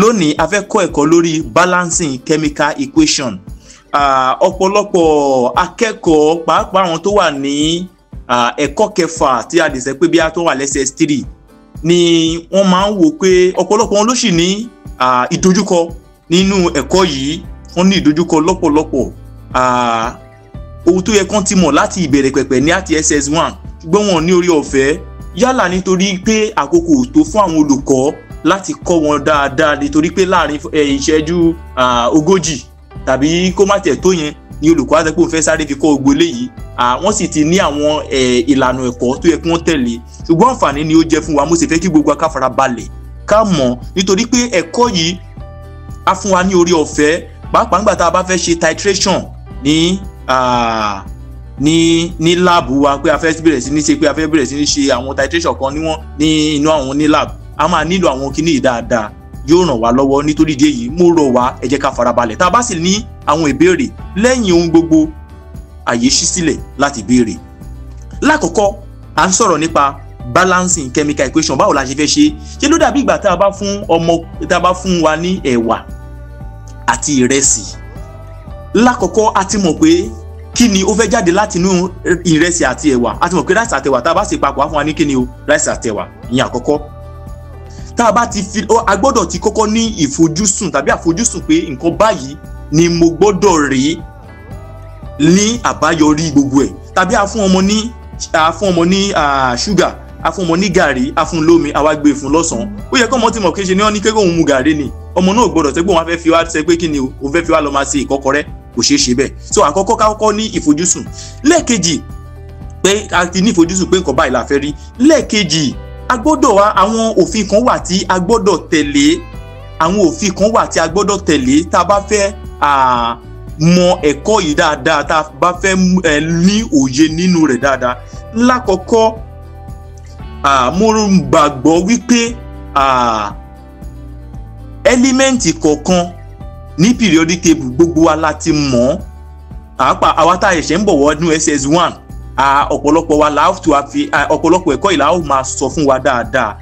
lónìí a fẹ́ kọ́ ẹ̀kọ́ lórí balancing chemical equation ọ̀pọ̀lọpọ̀ akẹ́kọ̀ọ́ pàápàá àwọn tó wà ní ẹ̀kọ́ kẹfà tí a dẹ̀ sẹ́ pé bí a tó wà lẹ́sẹ̀ three ni wọ́n máa ń wò pé ọ̀pọ̀lọpọ̀ wọn ló sì ní ìdojúkọ nínú ẹ̀kọ́ yìí wọ́n ní ìdojúkọ lọ́pọ̀lọpọ̀ ohun tó yẹ kán ti mọ̀ láti ìbẹ̀rẹ̀ pẹ̀pẹ̀ ní àti ss one ṣùgbọ́n wọn ò ní orí ọ̀fẹ́ yálà nítorí pé àkókò tó fún àwọn olùkọ́ láti kọ́ wọn dáadáa nítorí pé láàrin eh, ìṣẹ́jú ogójì tàbí kó má tiẹ̀ tó yẹn ni olùkọ́ àtẹ́pọ̀ fẹ́ sáré fi kọ́ ogbó léyìí wọ́n sì ti ní àwọn eh, ìlànà ẹ̀kọ́ tó yẹ kí wọ́n tẹ̀lé ṣùgbọ́n àǹfààní ni ó jẹ́ fún wa mo sì fẹ́ kí gbogbo akáfara balẹ̀ ká mọ̀ nítorí pé ẹ̀kọ́ yìí á fún wa ní orí ọ̀fẹ́ pàápàá nígbà tá a bá fẹ́ ṣe titration ní ní ní láàbù wa pé a fẹ́ bẹ̀rẹ̀ sí ní ṣe pé a fẹ́ bẹ̀rẹ̀ sí ní ṣe àwọn titration kan níwọ̀n ní inú àwọn ní láàbù a máa nílò àwọn kinní yìí dáadáa yóò ràn wá lọ́wọ́ nítorí ìdí èyí mo rọ̀ wá ẹ jẹ́ ká farabalẹ̀ tá a bá sì ní àwọn ìbéèrè lẹ́yìn ohun gbogbo àyè ṣí sílẹ̀ láti béèrè. lákọ̀ọ́kọ́ à ń sọ̀rọ̀ nípa balancing chemical equation báwo la ṣe fẹ́ ṣe ṣé ló dàbí ìgbà tá a bá fún ọmọ tá a bá fún wa ní ẹ̀wà àti ìrẹsì. lákọ̀ọ́kọ́ a ti mọ̀ pé kí ni ó fẹ́ jáde láti inú ìrẹsì àti ẹ̀wà a ti mọ̀ pé ráìsì àtẹ̀wà tá a bá sì papọ̀ á fún wa ní kí ni o ráìsì àtẹ̀wà ìyẹn àkọ́kọ́ tá a bá ti fi a gbọ́dọ̀ ti kọ́kọ́ ní ìfojúsùn tàbí àfojúsùn pé nǹkan báyìí ni mo gbọ́dọ̀ rí ní àbáyọrí gbogbo ẹ̀ tàbí a fún ọmọ ní a fún ọmọ ní ṣúgà a fún ọmọ ní gàrí a fún lómi àwa gbé e fún lọ́sàn-án ó yẹ kí ọmọ ti mọ̀ kí n ṣe ní wọn ní kékeré òun mu gàrí ni ọmọ náà gbọ́dọ̀ sẹ́gbẹ́ wọn fẹ́ fi wá sẹ́gbẹ́ kí ni o fẹ́ fi wá lọ máa ṣe ìkọ́kọrẹ́ kò ṣeé ṣe bẹ́ẹ̀ so àkọ́kọ́ kákọ́kọ́ ní ìfojúsùn lẹ́ẹ̀kejì pé a ti ní ìfojúsùn pé nǹkan báyìí la fẹ́ rí lẹ́ẹ̀kejì a gbọ́dọ̀ wá àwọn òfin kan wà tí a gbọ́dọ̀ tẹ̀lé àwọn òfin kan wà tí a gbọ́dọ̀ tẹ̀lé tá a bá fẹ́ mọ ẹ̀kọ́ yìí dáadáa tá a bá fẹ́ ní òye nínú rẹ̀ dáadáa lákọ̀ọ́kọ́ mo gbàgbọ́ wípé ẹ́límẹ́ǹtì kọ̀ọ̀kan ní periodic table gbogbo wa la ti mọ̀ ọ́ àwa ń bọ̀ wọ́dún ss one a ọ̀pọ̀lọpọ̀ wa là á tù á fi ọ̀pọ̀lọpọ̀ ẹ̀kọ́ yìí là á máa sọ fún wa dáadáa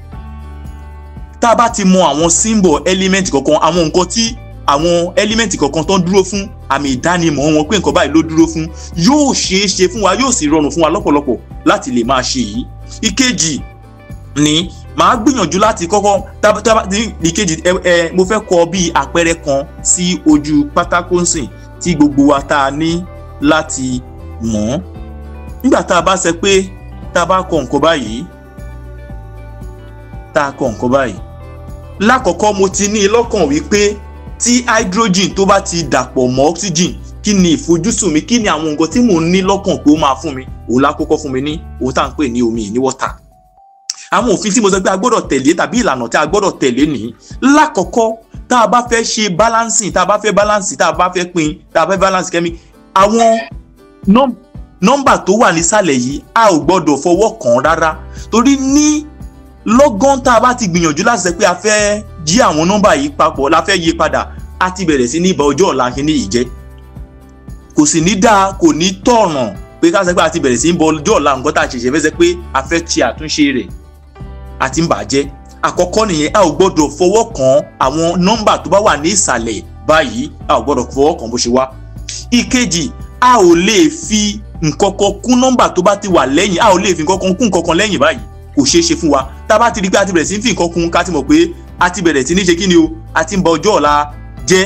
tá a bá ti mọ àwọn symbol element kọ̀ọ̀kan àwọn nǹkan tí àwọn element kọ̀ọ̀kan tó ń dúró fún àmì ìdánimọ̀ wọn pé nǹkan báyìí ló dúró fún yóò ṣeé ṣe fún wa yóò sì rọrùn fún wa lọ́pọ̀lọpọ̀ láti lè máa ṣe yìí ìkejì ni màá gbìyànjú láti kọ́kọ́ ìkejì ẹ mo fẹ́ kọ bí àpẹẹrẹ kan sí ojú pátákó nsìn tí gbogbo wa tá a ní láti mọ̀ ọ́ nígbà tá a bá sọ pé tá a bá kọ nǹkan báyìí tá a kọ nǹkan báyìí lákọ̀ọ́kọ́ mo ti ní lọ́kàn wípé tí hydrogen tó bá ti dàpọ̀ mọ́ oxygen kí ni ìfojúsùn mi kí ni àwọn nǹkan tí mò ń ní lọ́kàn pé ó máa fún mi òun lákọ́kọ́ fún mi ní òun tá à ń pè ní omi ní water àwọn òfin tí mo sọ pé a gbọ́dọ̀ tẹ̀lé tàbí ìlànà tí a gbọ́dọ̀ tẹ̀lé nìyí lákọ̀ọ́kọ́ tá a bá fẹ́ ṣe balancing tá a bá fẹ́ balance tá a bá fẹ́ pín tá a bá fẹ́ balance kẹ́mi àwọn nọ́mbà tó wà nísàlẹ̀ yìí a ò gbọ́dọ̀ fọwọ́ kàn rárá torí ní lọ́gán tá a bá ti gbìyànjú láti sẹ pé a fẹ́ jí àwọn nọ́mbà yìí papọ̀ la fẹ́ yí padà a ti bẹ̀rẹ̀ sí ní ìbá ọjọ́ ọ̀la kí ní yìí jẹ́ kò sì ní dáa kò ní tọ̀ràn pé ká sẹ pé a ti bẹ̀rẹ̀ sí ní bọ ọjọ́ ọ̀la nǹkan tá a ṣẹ̀ṣẹ̀ fẹ́ sẹ pé a fẹ́ ṣe àtúnṣe rẹ̀ a ti ń bàjẹ́ àkọ́kọ́ nìyẹn a ò gbọ́dọ̀ fọwọ́ kàn àwọn nọ́mbà tó bá wà ní ìsàlẹ̀ báyìí a ò gbọ́dọ̀ fọwọ́ kàn bó ṣe wá ìkejì a ò lè fi nǹkan kan kún nọ́mbà tó bá ti wà lẹ́yìn a ò lè fi nǹkan kan kún nǹkan kan lẹ́yìn báyìí kò ṣeé ṣe fún wa tá a bá ti rí pé a ti bẹ̀rẹ̀ sí ń fi nǹkan kún ká ti mọ̀ pé a ti bẹ̀rẹ̀ sí ní ṣe kí ni o a ti ń ba ọjọ́ ọ̀la jẹ́.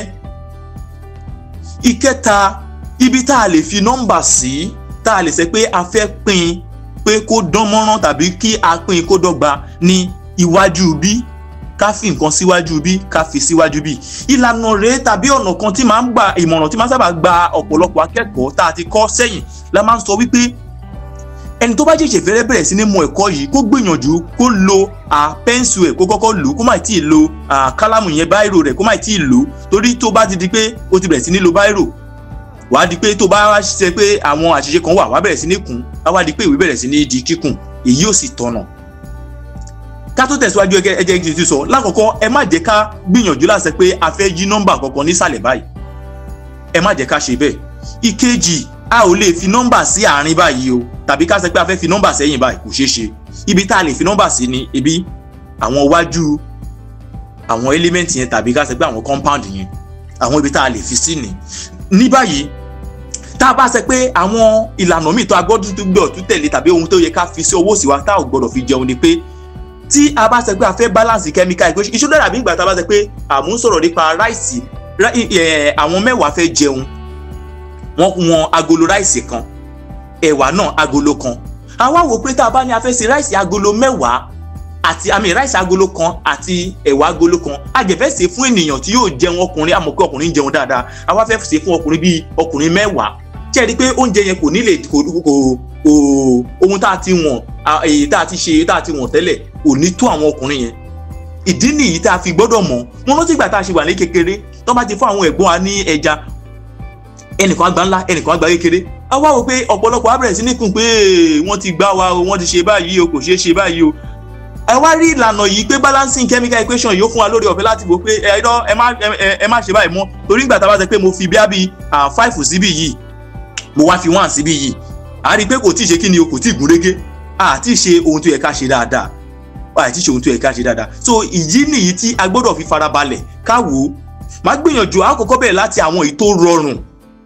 ìkẹta ibi tá a lè fi nọ́mbà sí tá a lè sẹ pé a fẹ́ pín pé kó dán mọ́rán tàbí kí a pín kó dọ́gba ní iwájú bí ká fi nǹkan síwájú bí ká fi síwájú bí ìlànà rèé tàbí ọ̀nà kan tí máa ń gba ìmọ̀ràn tí máa sábà gba ọ̀pọ̀lọpọ̀ akẹ́kọ̀ọ́ tá a ti kọ́ sẹ́yìn la máa ń sọ wípé ẹni tó bá ṣẹ̀ṣẹ̀ fẹ́rẹ́ bẹ̀rẹ̀ sí ní mọ ẹ̀kọ́ yìí kó gbìyànjú kó lo pẹ́ńsù ẹ̀ kó kọ́kọ́ lò kó má tí ì lo kálámù yẹn báírò rẹ̀ kó má tí ì lò torí tó bá ti di pé ó ti bẹ̀rẹ̀ sí ní lo báírò wàá di pé tó bá wá ṣiṣẹ́ pé àwọn àṣìṣe kan wà wàá bẹ̀rẹ̀ sí ní kùn á wá di pé ìwé bẹ̀rẹ̀ sí ní di kíkùn èyí ò sì tọ̀nà ká tó tẹ̀síwájú ẹjẹ́ kí n ti sọ lákọ̀ọ́kọ́ ẹ má jẹ́ ká gbìyànjú láti pé a fẹ́ yí nọ́mbà kankan nísàlẹ̀ báyìí ẹ má jẹ́ ká ṣe bẹ́ẹ̀ ìkejì a ò lè fi nọ́mbà sí àárín báyìí o tàbí ká sọ pé a fẹ́ fi nọ́mbà sẹ́yìn báyìí kò ṣeé ṣe ibi tá a lè fi nọ́mbà sí ni ibi àwọn wájú àwọn element yẹn tàbí ká sọ pé àwọn compound yẹn àwọn ibi tá a lè fi sí ni ní báyìí tá a bá sọ pé àwọn ìlànà míì tó a gbọ́dọ̀ tó gbọ́dọ̀ tó tẹ̀lé tàbí ohun tó yẹ ká fi sí owó sí wa tá a ò gbọ́dọ̀ fi jẹun ni pé tí a bá sọ pé a fẹ́ balance chemical equation iṣu dàbí ìgbà tá a bá sọ pé àmú sọ̀rọ̀ nípa ráìsì àwọn mẹ́wàá fẹ́ jẹun wọ́n wọn agolo ráìsì kan ẹ̀wà náà agolo kan àwa wò pé tá a bá ní a fẹ́ ṣe ráìsì agolo mẹ́wàá àti àmì ráìsì agolo kan àti ẹ̀wà agolo kan àjẹfẹ́ ṣe fún ènìyàn tí yóò jẹun ọkùnrin àmọ́ pé ọkùnrin ń jẹun dáadáa àwa fẹ́ ṣe fún ọkùnrin bíi ọkùnrin mẹ́wàá tí a rí i pé oúnjẹ yẹn kò ní lè kò ohun tá a ti wọ̀n èyí tá a ti ṣe èyí tá a ti wọ̀n tẹ́lẹ̀ ò ní tó àwọn ọkùnrin yẹn ìdí nìyí tá a fi gbọ́dọ̀ mọ̀ wọn ló ti gbà tá a ṣe wà ní kékeré tó bá ti fún àwọn ẹ̀gbọ́n wa ní ẹja ẹnìkan àgbà ńlá ẹnìkan àgbà kékeré a wá wò pé ọ̀pọ̀lọpọ̀ abẹ̀rẹ̀ sí nìkún pé wọ́n ti gbá wa o wọ́n ti ṣe báyìí o kò ṣeé ṣe báyìí o ẹ wá rí ìlànà yìí pé balancing chemical equation yóò fún wa lórí ọ̀fẹ́ láti wò pé ẹ lọ ẹ má ẹ má ṣe báyìí mọ́ torí ìgbà tá a bá sọ pé mo fi bí a bí five síbí yìí mo wá fi one síbí yìí a rí i pé kò tí ì ṣe kí ni o kò tí ì gún a ti ṣe ohun tó yẹ ká ṣe dáadáa a ti ṣe ohun tó yẹ ká ṣe dáadáa so ìyí nìyí tí a gbọ́dọ̀ fi farabalẹ̀ ká wò ó má gbìyànjú àkọ́kọ́ bẹ̀rẹ̀ láti àwọn èyí tó rọrùn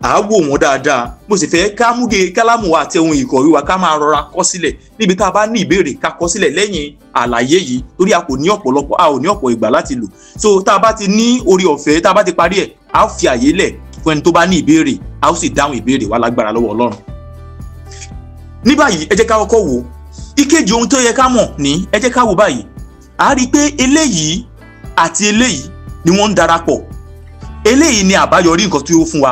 à á wò wọ́n dáadáa mo sì fẹ́ ká múge kálámù wa àti ohun ìkọ̀wé wa ká máa rọra kọ sílẹ̀ níbi tá a bá ní ìbéèrè ká kọ sílẹ̀ lẹ́yìn àlàyé yìí torí a kò ní ọ̀pọ̀lọpọ̀ a ò ní ọ̀pọ̀ ìgbà láti lò so tá a bá ti ní orí ọ̀fẹ́ tá a bá ti parí ẹ̀ a ó fi àyè lẹ̀ fún ẹni tó bá ní ìbéèrè a ó sì dáhùn ìbéèrè wa lágbára lọ́wọ́ Ọlọ́run ní báyìí ẹ jẹ́ ká kọ́kọ́ wò ìkejì ohun tó yẹ ká mọ̀ ní ẹ jẹ́ ká wò báyìí a rí i pé eléyìí àti eléyìí ni wọ́n ń darapọ̀ eléyìí ni àbáyọrí nǹkan tí ó fún wa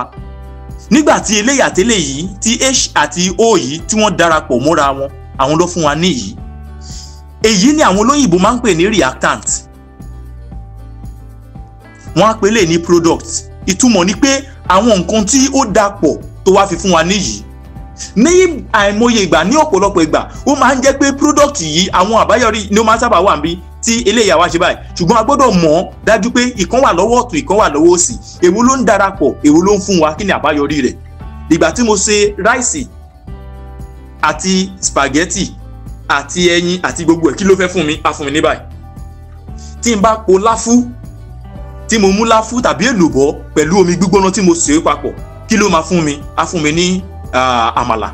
nígbà tí eléyìí àti eléyìí tí h àti o yìí tí wọ́n darapọ̀ mọ́ra wọn àwọn ló fún wa ní èyí ni àwọn olóyìnbó máa ń pè ní reactant wọ́n á pè lè ní product ìtumọ̀ ni pé àwọn nǹkan tí ó dapọ̀ tó wá fi fún wa ní ní àìmọye ìgbà ní ọ̀pọ̀lọpọ̀ ìgbà ó máa ń jẹ́ pé product yìí àwọn àbáyọrí ni ó máa ń sábà wà níbí tí eléyà wá ṣe báyìí ṣùgbọ́n a gbọ́dọ̀ mọ̀ dájú pé ìkan wà lọ́wọ́ ọ̀tún ìkan wà lọ́wọ́ òsì èwo ló ń darapọ̀ èwo ló ń fún wa kí ni àbáyọrí rẹ̀ ìgbà tí mo ṣe ráìsì àti spaghetti àti ẹyin àti gbogbo ẹ̀ kí ló fẹ́ fún mi a fún mi ní báyìí tí n bá po láfú tí mo mú láfú tàbí èlùbọ́ pẹ̀lú omi gbígbóná tí mo sè é papọ̀ kí ló máa fún mi a fún mi ní Ah, àmàlà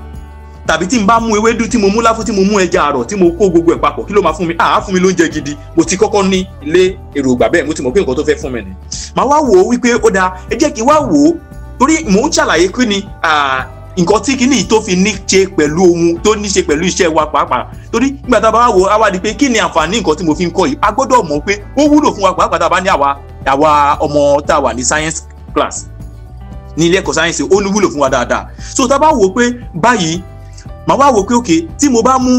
tàbí tí n bá mú ewédú tí mo mú láfún tí mo mú ẹja àrọ̀ tí mo kó gbogbo ẹ̀ papọ̀ kí ló máa fún mi àá ah, fún mi lóúnjẹ gidi mo ti kọ́kọ́ ní ilé èròǹgbà bẹ́ẹ̀ mo ti mọ̀ pé nǹkan tó fẹ́ fún mi ni màá wá wò ó wípé ó dáa ẹ jẹ́ kí n wá wò ó torí mò ń ṣàlàyé pé ni nǹkan tí kìíní tó fi ní ṣe pẹ̀lú ohun tó ní ṣe pẹ̀lú iṣẹ́ wa pàápàá torí nígbà tá a bá wò á wá di pé kí ni àǹfààní nǹkan tí mo fi ń kọ́ yìí a gbọ́dọ̀ mọ̀ pé ó wúlò fún wa pàápàá tá a bá ní àwa àwa ọmọ tá a wà ní science class ní ilé ẹ̀kọ́ sáyẹ́ǹsì ó ní wúlò fún wa dáadáa so tá a bá wò ó pé báyìí màá wá wò ó pé òkè tí mo bá mú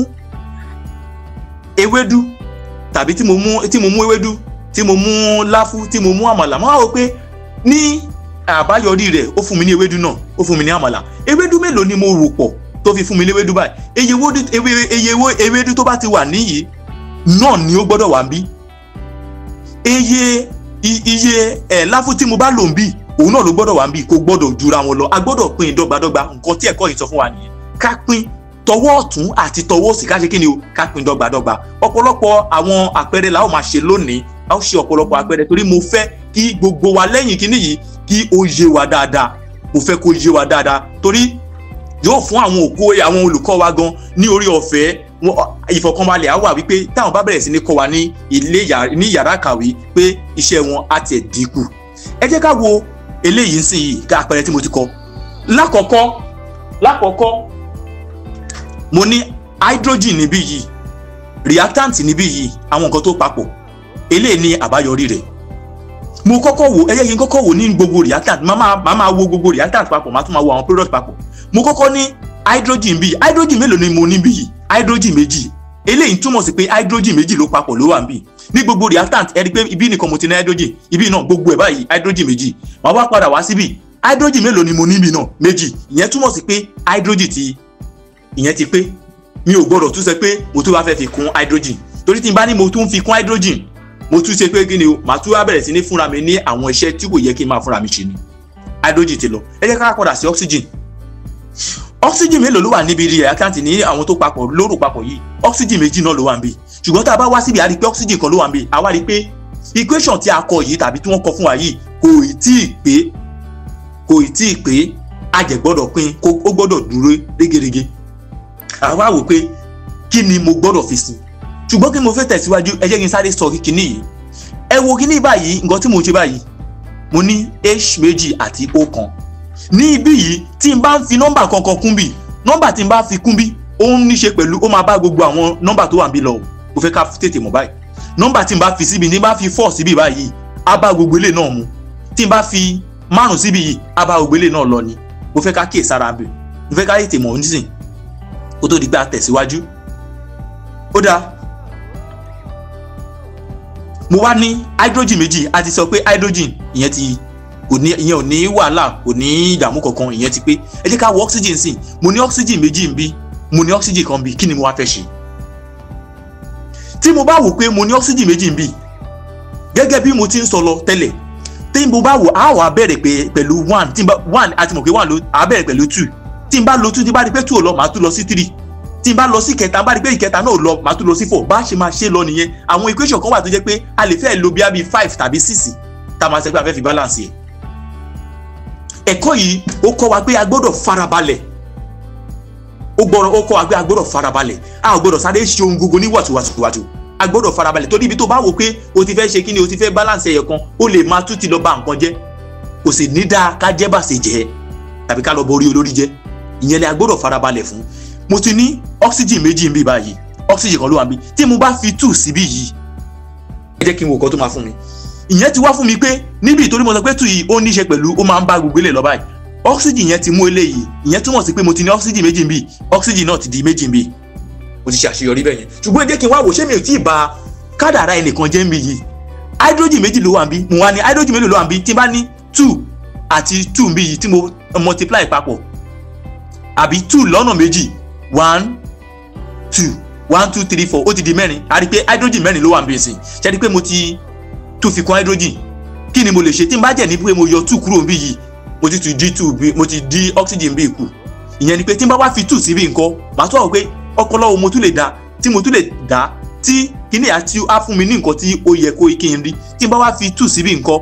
ewédú tàbí tí mo mú tí mo mú ewédú tí mo mú láfú tí mo mú àmàlà màá wá wò ó pé ní àbáyọrí rẹ̀ ó fún mi ní ewédú náà ó fún mi ní àmàlà ewédú mélòó ni mo rò pọ̀ tó fi fún mi léwé dubai eye wo eye wo ewédú tó bá ti wà níyì náà ni ó gbọ́dọ̀ wà ń bí eye iye ẹ̀ láfún tí mo bá lò ń bí òun náà ló gbọ́dọ̀ wà ń kó gbọ́dọ̀ jura wọn lọ a gbọ́dọ̀ pín dọ́gbadọ́gba nǹkan tí ẹ̀kọ́ yìí sọ fún wa nìyẹn ká pín tọwọ́ ọ̀tún àti tọwọ́ òsì ká ṣe kí ni o ká pín dọ́gbadọ́gba ọ̀pọ̀lọpọ̀ àwọn àpẹẹrẹ la ó máa ṣe lónìí a ó ṣe ọ̀pọ̀lọpọ̀ àpẹẹrẹ torí mo fẹ́ kí gbogbo wa lẹ́yìn kíní yìí kí ó yé wa dáadáa mo fẹ́ kó yé wa dáadáa torí yóò fún àwọn òkú àwọn olùkọ́ wa gan ní orí ọ̀fẹ́ ìfọ̀kànbalẹ̀ á wà wípé táwọn bá bẹ̀rẹ̀ sí ní kọ́ wa ní ilé ní yàrá kàwé pé iṣẹ́ wọn á tiẹ̀ dínkù ẹ jẹ́ ká wo eléyìí ń sìn yìí ká àpẹẹrẹ tí mo ti kọ lákọ̀ọ́kọ́ lákọ̀ọ́kọ́ mo ní hydrogen níbí yìí reactant níbí yìí àwọn nǹkan tó papọ̀ eléyìí ni àbáyọrí rẹ̀ mo kọ́kọ́ wò ẹyẹ yìí kọ́kọ́ wò ní gbogbo reactant màá máa wo gbogbo reactant papọ̀ màá tún máa wo àwọn product papọ̀ mo kọ́kọ́ ní hydrogen bíi hydrogen mélòó ni mo ní bíi hydrogen méjì eléyìí túmọ̀ sí pé hydrogen méjì ló papọ̀ ló wà níbí ní gbogbo reactant ẹ pé ibi nìkan mo ti ní hydrogen ibi náà gbogbo ẹ̀ báyìí hydrogen méjì màá wá padà wá síbì hydrogen mélòó ni mo níbi náà méjì ìyẹn túmọ̀ sí pé hydrogen ti ìyẹn ti pé mi ò gbọ́dọ̀ tún sọ pé mo tún wá fẹ́ fi kún hydrogen torí tí n bá ní mo tún fi kún hydrogen mo tún ṣe pé kí ni o màá tún wá bẹ̀rẹ̀ sí ní fúnra mi ní àwọn iṣẹ́ tí kò yẹ kí n máa fúnra mi ṣe ni hydrogen ti lọ ẹ jẹ́ ká padà sí oxygen oxygen mélòó ló wà níbi reactant ní àwọn tó papọ̀ lóru papọ̀ yìí oxygen méjì náà ló wà níbi ṣùgbọ́n tá a bá wá síbi àrí pé oxygen kan ló wà ń bẹ àwa rí pé equation tí a kọ yìí tàbí tí wọ́n kọ fún wa yìí kò ì tí ì pé kò ì tí ì pé àjẹ̀ gbọ́dọ̀ pín ó gbọ́dọ̀ dúró régerege àwa wò pé kí ni mo gbọ́dọ̀ fi sí ṣùgbọ́n kí mo fẹ́ tẹ̀síwájú ẹ jẹ́ kí n sáré sọ kíní yìí ẹ wo kíní báyìí nǹkan tí mo ṣe báyìí mo ní h méjì àti o kan ní ibí yìí tí n bá ń fi nọ́mbà kankan kún bí nọ́mbà tí n bá fi kún bí ó ń níṣe pẹ̀lú ó máa bá gbogbo àwọn nọ́mbà tó wà ń bí lọ mo fẹ́ ká tètè mọ̀ báyìí nọ́mbà tí n bá fi síbi ní bá fi four síbi báyìí á bá gbogbo ilé náà mu tí n bá fi márùn síbi yìí á bá gbogbo ilé náà lọ ni mo fẹ́ ká kíyè sára bẹ̀ mo fẹ́ ká tètè mọ̀ nísìn kó tó di pé a tẹ̀síwájú ó dáa mo wá ní hydrogen méjì a ti sọ pé hydrogen ìyẹn ti ìyẹn ò ní wàhálà ò ní ìdààmú kankan ìyẹn ti pé ẹ jẹ́ ká wọ oxygen sí mo ní oxygen méjì ń bí mo ní oxygen kan bí kí ni mo wá fẹ́ ṣe tí mo bá wò pé mo ní oxygen méjì ń bì gẹ́gẹ́ bí mo ti ń sọ lọ tẹ́lẹ̀ tí mo bá wò á wà bẹ̀rẹ̀ pẹ̀lú one tí one àti mọ̀ pé one ló á bẹ̀rẹ̀ pẹ̀lú two tí n bá lo two tí n bá rí pé two ò lọ màá tún lọ sí three tí n bá lọ sí kẹta n bá rí pé ìkẹta náà ò lọ màá tún lọ sí four bá ṣe máa ṣe lọ nìyẹn àwọn equation kan wà tó jẹ́ pé a lè fẹ́ lo bí i five tàbí six tá a máa ṣe pé a fẹ́ fi balance yẹn ẹ̀kọ́ yìí ó kọ́ wa pé a gbọ́dọ̀ farabalẹ̀ ó gbọ́dọ̀ ó kọ́ agbẹ́ agbọ́dọ̀ farabalẹ̀ a gbọ́dọ̀ sáré ṣe ohun gbogbo ní wàtúwàtúwàtú a gbọ́dọ̀ farabalẹ̀ torí ibi tó bá wò pé o ti fẹ́ ṣe kí ni o ti fẹ́ balance ẹ̀yẹ̀ kan ó lè máa tún ti lọ ba nǹkan jẹ́ kò sì ní dáa ká jẹ́ bàṣẹ jẹ́ tàbí ká lọ borí olórí jẹ́ ìyẹn ni a gbọ́dọ̀ farabalẹ̀ fún mo ti ní oxygen méjì ń bí báyìí oxygen kan ló wà mí tí mo bá fi two síbí yìí ẹ jẹ́ kí n wò kọ́ tó máa fún mi ìyẹn ti wá fún mi pé níbi ìtorí mo sọ pé two yìí ó ní í ṣe pẹ̀lú ó máa ń bá gbogbo ilé lọ báyìí oxygen yẹn ti mú eléyìí ìyẹn túmọ̀ sí pé mo ti ní oxygen méjì bíi oxygen náà ti di méjì bíi mo ti ṣe àṣeyọrí bẹ́ẹ̀ yẹn ṣùgbọ́n jẹ́ kí n wá wò ṣé mi ò tí ì ba kádàrá ẹnìkan jẹ́ mi yìí hydrogen méjì ló wà níbí mo wá ní hydrogen méjì ló wà níbí tí n bá ní two àti two níbí yìí tí mo multiply papọ̀ àbí two lọ́nà méjì one two one two three four ó ti di mẹ́rin a rí i pé hydrogen mẹ́rin ló wà níbí ìsìn ṣe é rí i pé mo ti tún fi kún hydrogen kí ni mo lè ṣe tí n bá jẹ́ ní pé mo yọ two kúrò níbí yìí mo ti tu g2 bi mo ti di oxygen bí ikú ìyẹn ni pé tí n bá wá fi two sí bí nǹkan màá tún àwọn pé ọpọlọ wo mo tún lè dá tí mo tún lè dá tí kíní àti á fún mi ní nǹkan tí ó yẹ kó kí n rí tí n bá wá fi two sí bí nǹkan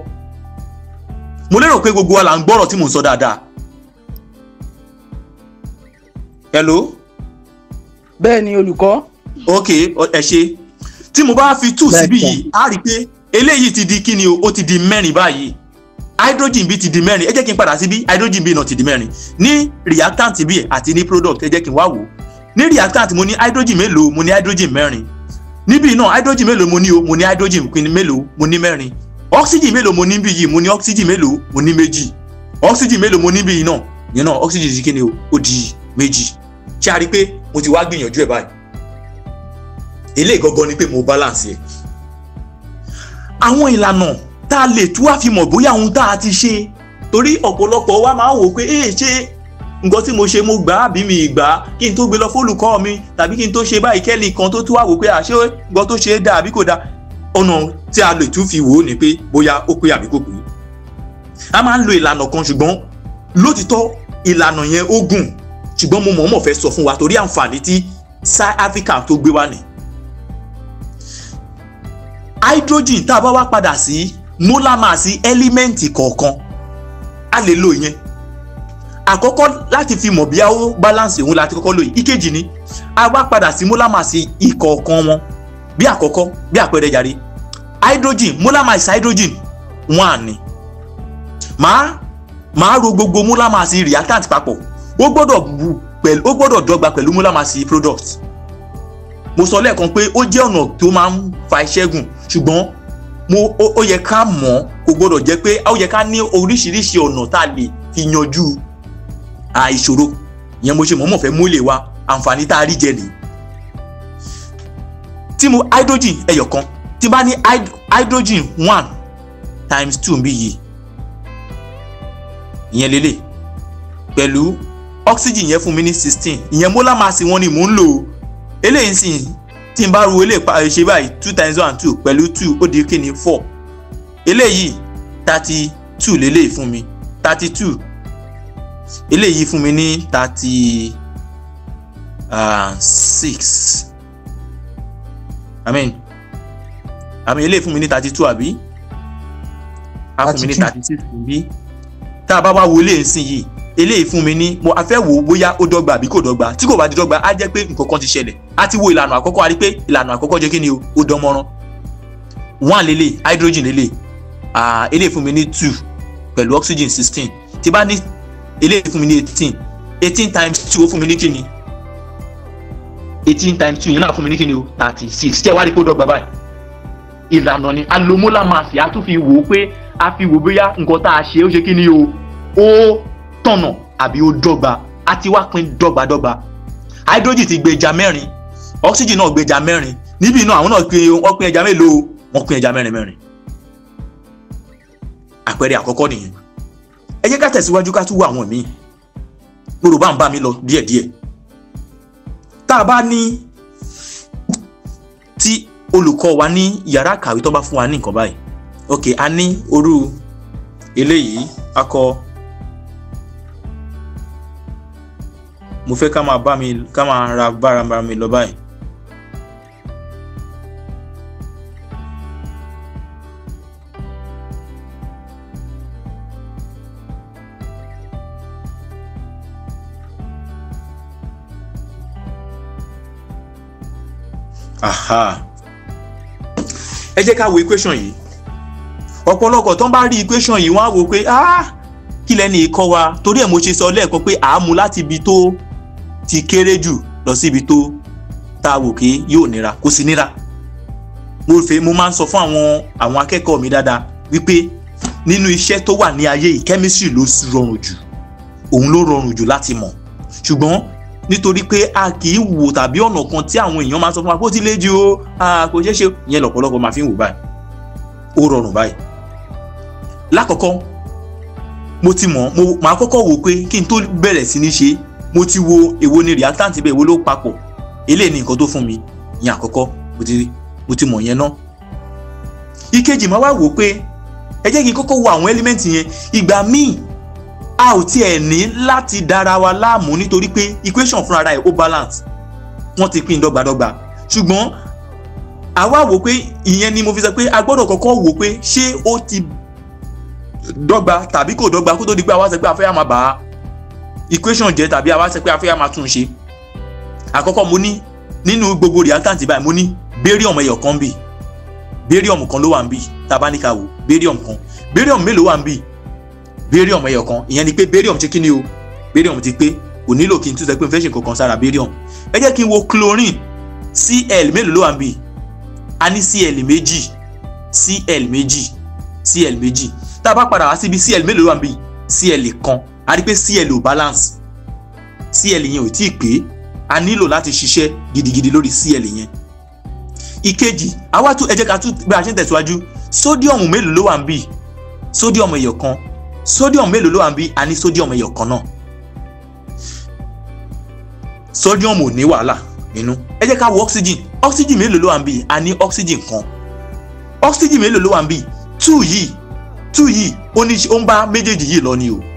mo lérò pé gbogbo wa là ń gbọ́rọ̀ tí mò ń sọ dáadáa. hello. bẹ́ẹ̀ ni olùkọ́. ok ẹ ṣe tí mo bá fi two síbí yìí á rí i pé eléyìí ti di kíni o ó ti di mẹ́rin báyìí hydrogen bí ti di mẹ́rin ẹ jẹ́ kí n padà sí bí hydrogen bí náà ti di mẹ́rin ní reactant bí àti ní product ẹ jẹ́ kí n wá wò ní reactant mo ní hydrogen mélòó mo ní hydrogen mẹ́rin níbí náà hydrogen mélòó mo ní o mo ní hydrogen mélòó mo ní mẹ́rin oxygen mélòó mo ní bí yìí mo ní oxygen mélòó mo ní méjì oxygen mélòó mo ní bí yìí náà yẹn náà oxygen ti kíni o di méjì ṣé a rí i pé mo ti wá gbìyànjú ẹ báyìí eléyìí gangan ni pé mo balance ẹ àwọn ìlànà tá a lè tú wá fi mọ̀ bóyá ohun tá a ti ṣe torí ọ̀pọ̀lọpọ̀ wa máa ń wò pé ee ṣe nǹkan tí mo ṣe mo gbà á bí mi ìgbà kí n tó gbé lọ fólùkọ́ mi tàbí kí n tó ṣe báyìí kẹ́lì kan tó tún wà wò pé àṣé nǹkan tó ṣe é dáa àbí kò dáa ọ̀nà tí a lè tún fi wò ó ni pé bóyá ó pé àbí kò pé a máa ń lo ìlànà kan ṣùgbọ́n lótìtọ́ ìlànà yẹn ó gùn ṣùgbọ́n mo mọ̀ọ́mọ̀ fẹ́ sọ fún wa torí àǹfààní tí South Africa tó gbé wá ni hydrogen tá a bá wá padà sí molar mass ẹ́límẹ́ǹtì kọ̀ọ̀kan a lè lo ìyẹn àkọ́kọ́ láti fi mọ̀ bí a ó balance òun láti kọ́kọ́ lò yìí ìkejì ni a wá padà sí molar mass ìkọ̀ọ̀kan wọn bí àkọ́kọ́ bí àpẹẹrẹ jàre hydrogen molar mass hydrogen one ni màá màá ro gbogbo molar mass reactant papọ̀ ó gbọ́dọ̀ pẹ̀lú ó gbọ́dọ̀ dọ́gba pẹ̀lú molar mass product mo sọ lẹ́ẹ̀kan pé ó jẹ́ ọ̀nà tó máa ń fa ìṣẹ́gun ṣùgbọ́n mo ó yẹ ká mọ̀ kò gbọ́dọ̀ jẹ́ pé ó yẹ ká ní oríṣiríṣi ọ̀nà tá a lè fi yanjú àìṣòro ìyẹn mo ṣe mọ̀ọ́mọ̀ fẹ́ múlẹ̀ wa àǹfààní tá a rí jẹ nìyí. tí mo hydrogen ẹyọ kan tí bá ní hydrogen one times two ń bí yìí ìyẹn lélẹ̀ pẹ̀lú oxygen yẹn fún mi ní sixteen ìyẹn molar mass wọn ni mò ń lò eléyìí sì tí n bá ru ilé ṣe báyìí two times one two pẹ̀lú two ó di kíni four eléyìí thirty two lélẹ́yìí fún mi thirty two eléyìí fún mi ní thirty ah, six amen àmì eléyìí fún mi ní thirty two àbí a fún mi ní thirty six bí tá a bá wá wo eléyìí eléyìí fún mi ní mo afẹ́ wo ó bóyá ó dọ́gba àbí kò dọ́gba tí kò bá di dọ́gba á jẹ́ pé nǹkan kan ti ṣẹlẹ̀ á ti wo ìlànà àkọ́kọ́ àrí pé ìlànà àkọ́kọ́ jẹ́ kí ni o ó dán one lélẹ̀ hydrogen lélẹ̀ eléyìí fún mi ní two pẹ̀lú oxygen sixteen tí bá ní eléyìí fún mi ní eighteen eighteen times two ó fún mi ní kí ni eighteen times two yẹn náà fún mi ní kí ni o thirty six tí ẹ wá rí pé dọ́gba báyìí ìlànà ni alomola mass a tún fi wò ó pé a fi wò bóyá nǹkan tá a ṣe ó ṣe kí ni o ó tọ̀nà àbí ó dọ́gba a ti wá pín dọ́gbadọ́gba hydrogen ti gbẹja mẹ́rin oxygen náà gbẹja mẹ́rin níbí náà àwọn náà pín wọ́n pín ẹja mélòó wọ́n pín ẹja mẹ́rin mẹ́rin àpẹẹrẹ àkọ́kọ́ nìyẹn ẹ jẹ́ ká tẹ̀síwájú ká tún wá àwọn míì yorùbá ń bá mi lọ díẹ̀díẹ̀ tá a bá ní tí olùkọ́ wa ní yàrá kàwé tó bá fún wa ní nǹkan báyìí ok a ní orú eléyìí akọ mo fẹ́ ká máa bá mi ká máa ra bára bára mi lọ báyìí. aha ẹ jẹ́ ká wo equation yìí ọ̀pọ̀lọpọ̀ tó ń bá rí equation yìí wọ́n á wò pé ah kí lẹ́ni ìkọ́ wa torí ẹ̀ mo ṣe sọ lẹ́ẹ̀kan pé àámu láti ibi tó ti kéré jù lọ síbi tó tá a wò pé yóò nira kò sí nira mo fẹ́ mo máa ń sọ fún àwọn àwọn akẹ́kọ̀ọ́ mi dáadáa wípé nínú iṣẹ́ tó wà ní ayé yìí chemistry ló rọrùn jù òun ló rọrùn jù láti mọ̀ ṣùgbọ́n nítorí pé a kì í wò tàbí ọ̀nà kan tí àwọn èèyàn máa ń sọ fún wa pé ó ti le jù kò ṣeé ṣe ìyẹn lọ́pọ̀lọpọ̀ máa fi ń wò báyìí ó rọrùn báyìí lákọ̀ọ́kọ́ mo ti mọ̀ mo máa kọ́kọ́ wò pé kí n tó bẹ̀rẹ̀ sí ní ṣe mo ti wo èwo ni reactant bẹ́ẹ̀ èwo ló papọ̀ eléyìí ni nǹkan tó fún mi ìyẹn àkọ́kọ́ mo ti mo ti mọ̀ yẹn náà ìkejì máa wá wò pé ẹ jẹ́ kí n kọ́kọ́ wo àwọn element yẹn ìgbà míì a ò tiẹ̀ ní láti dára wa láàmú nítorí pé equation fúnra ẹ̀ ó balance wọ́n ti pín dọ́gbadọ́gba ṣùgbọ́n àwa wò pé ìyẹn ni mo fi sọ pé a gbọ́dọ̀ kọ́kọ́ wò pé ṣé ó ti dọ́gba tàbí kò dọ́gba kó tó di pé àwa sọ pé a bàá equation jẹ́ tàbí àwa sọ pé afẹ́ máa tún un ṣe àkọ́kọ́ mo ní nínú gbogbo reactant báyìí mo ní barium ẹyọ kan bì barium kan ló wà ń bì tabanika wò barium kan barium mélòó wà ń bì barium ẹyọ kan ìyẹn ni pé barium ti kí ni o barium ti pé kò nílò kí n tún sọ pé n fẹ́ ṣe nǹkan kan sára barium ẹ jẹ́ kí n wo chlorine cl mélòó ló wà ń bì a ní cl méjì cl méjì cl méjì tá a bá padà wá síbi cl mélòó wà ń bì cl kan a rí pé cl ò balance cl yẹn ò tí ì pé a nílò láti ṣiṣẹ́ gidigidi lórí cl yẹn ìkejì àwa tún ẹ jẹ́ ká tún bí a ṣe ń tẹ̀síwájú sódíọ̀mù mélòó ló wà ń bì sódíọ̀mù ẹyọ kan sódíọ̀mù mélòó ló wà ń bì a sódíọ̀mù ẹyọ náà sódíọ̀mù ò ní wàhálà nínú ẹ ká wo oxygen oxygen mélòó ló wà ń bì a ní oxygen kan oxygen mélòó ló wà ń bì two yìí two yìí ó ní ó ń bá méjèèjì yìí lọ ni o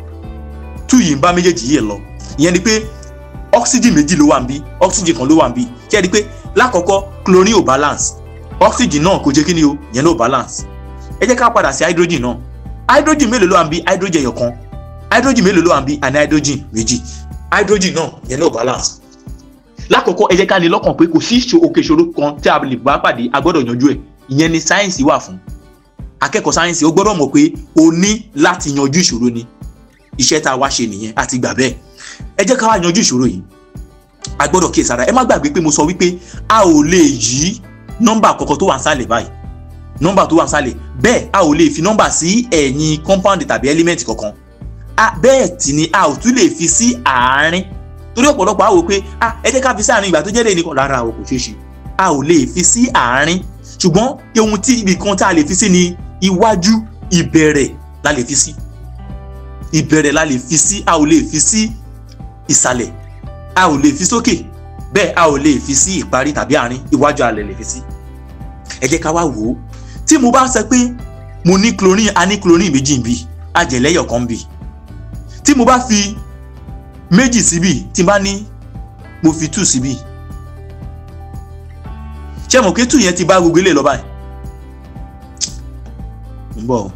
two yìí ń bá méjèèjì yìí lọ ìyẹn ni pé oxygen méjì ló wà ń bí oxygen kan ló wà ń bí kí ẹ rí i pé lákọ̀ọ́kọ́ chlorine ò balance oxygen náà kò jẹ́ kí ni o ìyẹn ló balance ẹ jẹ́ ká padà sí hydrogen náà hydrogen mélòó ló wà ń bí hydrogen ẹyọ kan hydrogen mélòó ló wà ń bí àní hydrogen méjì hydrogen náà ìyẹn ló balance lákọ̀ọ́kọ́ ẹ jẹ́ ká ní lọ́kàn pé kò sí òkè ìṣòro kan tí a lè bá pàdé a gbọ́dọ̀ yanjú ẹ̀ ìyẹn ni sáyẹ́ǹsì wà fún akẹ́kọ̀ọ́ sáyẹ́ǹsì ó gbọ́dọ̀ mọ̀ pé o ní láti yanjú ìṣòro ni iṣẹ́ tá a wá ṣe nìyẹn àti gbà bẹ́ẹ̀ ẹ jẹ́ ká wá yanjú ìṣòro yìí a gbọ́dọ̀ kíyè sára ẹ má gbàgbé pé mo sọ wípé a ò lè yí nọ́mbà kọ̀ọ̀kan tó wà ń sàlẹ̀ báyìí nọ́mbà tó wà ń sàlẹ̀ bẹ́ẹ̀ a ò lè fi nọ́mbà sí ẹ̀yìn compound tàbí element kọ̀ọ̀kan bẹ́ẹ̀ tì ní a ò tún lè fi sí àárín torí ọ̀pọ̀lọpọ̀ a wò pé ẹ jẹ́ ká fi sí àárín ìgbà tó jẹ́ lè nìkan lára o kò ṣeé ṣe a ò lè fi sí àárín ṣùgbọ́n ohun tí ibì kan tá a lè fi sí ni iwájú ìbẹ̀rẹ̀ la lè fi sí ìbẹ̀rẹ̀ la lè fi sí a ò lè fi sí ìsàlẹ̀ a ò lè fi sókè bẹ́ẹ̀ a ò lè fi sí ìparí tàbí àárín iwájú alẹ̀ lè fi sí ẹ jẹ́ ká wá wò ó tí mo bá sọ pé mo ní chlorine a ní chlorine méjì ń ajẹ̀lẹ́yọ̀ kan ń tí mo bá fi méjì síbì tí bá ní mo fi two síbì ṣé mo kí two yẹn ti bá gbogbo ilé lọ báyìí ń bọ̀ o.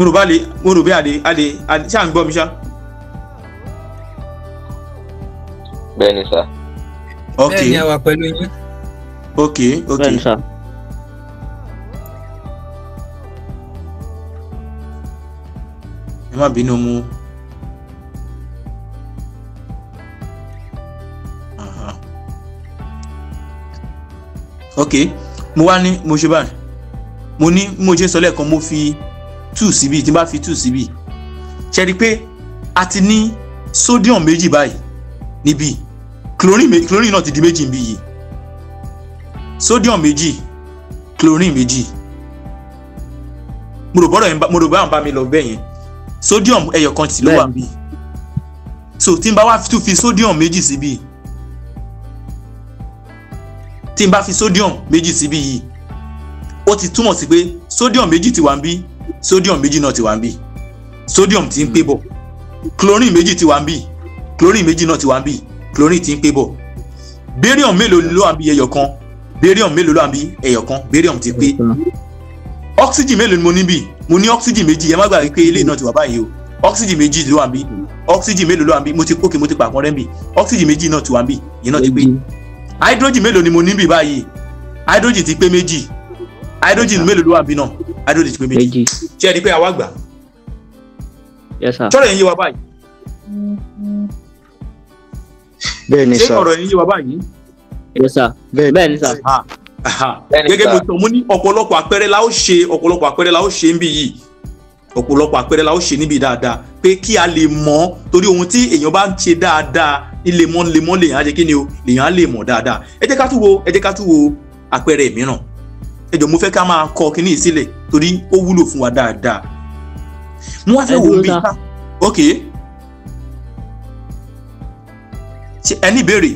mo rò bá lè mo rò bí àlè àlè àlè ṣáà ń gbọ́ mi ṣá. bẹ́ẹ̀ni sá. ok bẹ́ẹ̀ni àwa pẹ̀lú yín. ok ok bẹ́ẹ̀ni sá. ẹ má bínú mu. ok mo wá ní mo ṣe báyìí mo ní mo ṣe sọ lẹ́ẹ̀kan mo fi two síbí tí n bá fi two síbí ṣe rí i pé a ti ní sodium méjì báyìí níbí chlorine chlorine náà ti di méjì níbí yìí sodium méjì chlorine méjì mo rò bọ́dọ̀ yẹn mo rò bá àwọn bá mi lọ bẹ́ẹ̀ yẹn sodium ẹyọ kan ti ló wà níbí so tí n bá wá tún fi sodium méjì síbí tí n bá fi sodium méjì síbí yìí ó ti túmọ̀ sí pé sodium méjì ti wà níbí sodium méjì náà ti wà ń bì sodium ti ń pé bọ̀ chlorine méjì ti wà ń bì chlorine méjì náà ti wà ń bì chlorine ti ń pé bọ̀ barium mélòó ló wà ń bì ẹyọ kan barium mélòó ló wà ń bì ẹyọ kan barium ti pé oxygen mélòó ni mo ní bì mo ní oxygen méjì ẹ má gbàgbé pé ilé náà ti wà báyìí o oxygen méjì ló wà ń bì oxygen mélòó ló wà ń bì mo ti kókè mo ti pàpọ̀ rẹ́ ń bì oxygen méjì náà ti wà ń bì yìí náà ti pé hydrogen mélòó ni mo ní bì báyìí hydrogen ti pé méjì hydrogen mélòó ló wà bí náà hydrogen pé méjì ṣe é di pé àwa gbà ṣọ́rọ̀ yẹn yé wa báyìí bẹ́ẹ̀ ni sà ṣé ọ̀rọ̀ yẹn yé wa báyìí bẹ́ẹ̀ ni sà ah, ah, ah. gẹ́gẹ́ bí mo ní ọ̀pọ̀lọpọ̀ àpẹẹrẹ la ó ṣe ọ̀pọ̀lọpọ̀ àpẹẹrẹ la ó ṣe níbí yìí ọ̀pọ̀lọpọ̀ àpẹẹrẹ la ó ṣe níbi dáadáa pé kí a lè mọ̀ torí ohun tí èèyàn bá ń ṣe dáadáa lemọ́lemọ́ lèèyàn á jẹ́ kí ni o lèèyàn á lè mọ̀ dáadáa ẹ jẹ́ ká tún wo ẹ jẹ́ ká tún wo àpẹẹrẹ mìíràn ẹ jọ mo fẹ́ ká máa kọ kíní sílẹ̀ torí ó wúlò fún wa dáadáa mo wá fẹ́ wo bí ok ẹ ní ìbéèrè.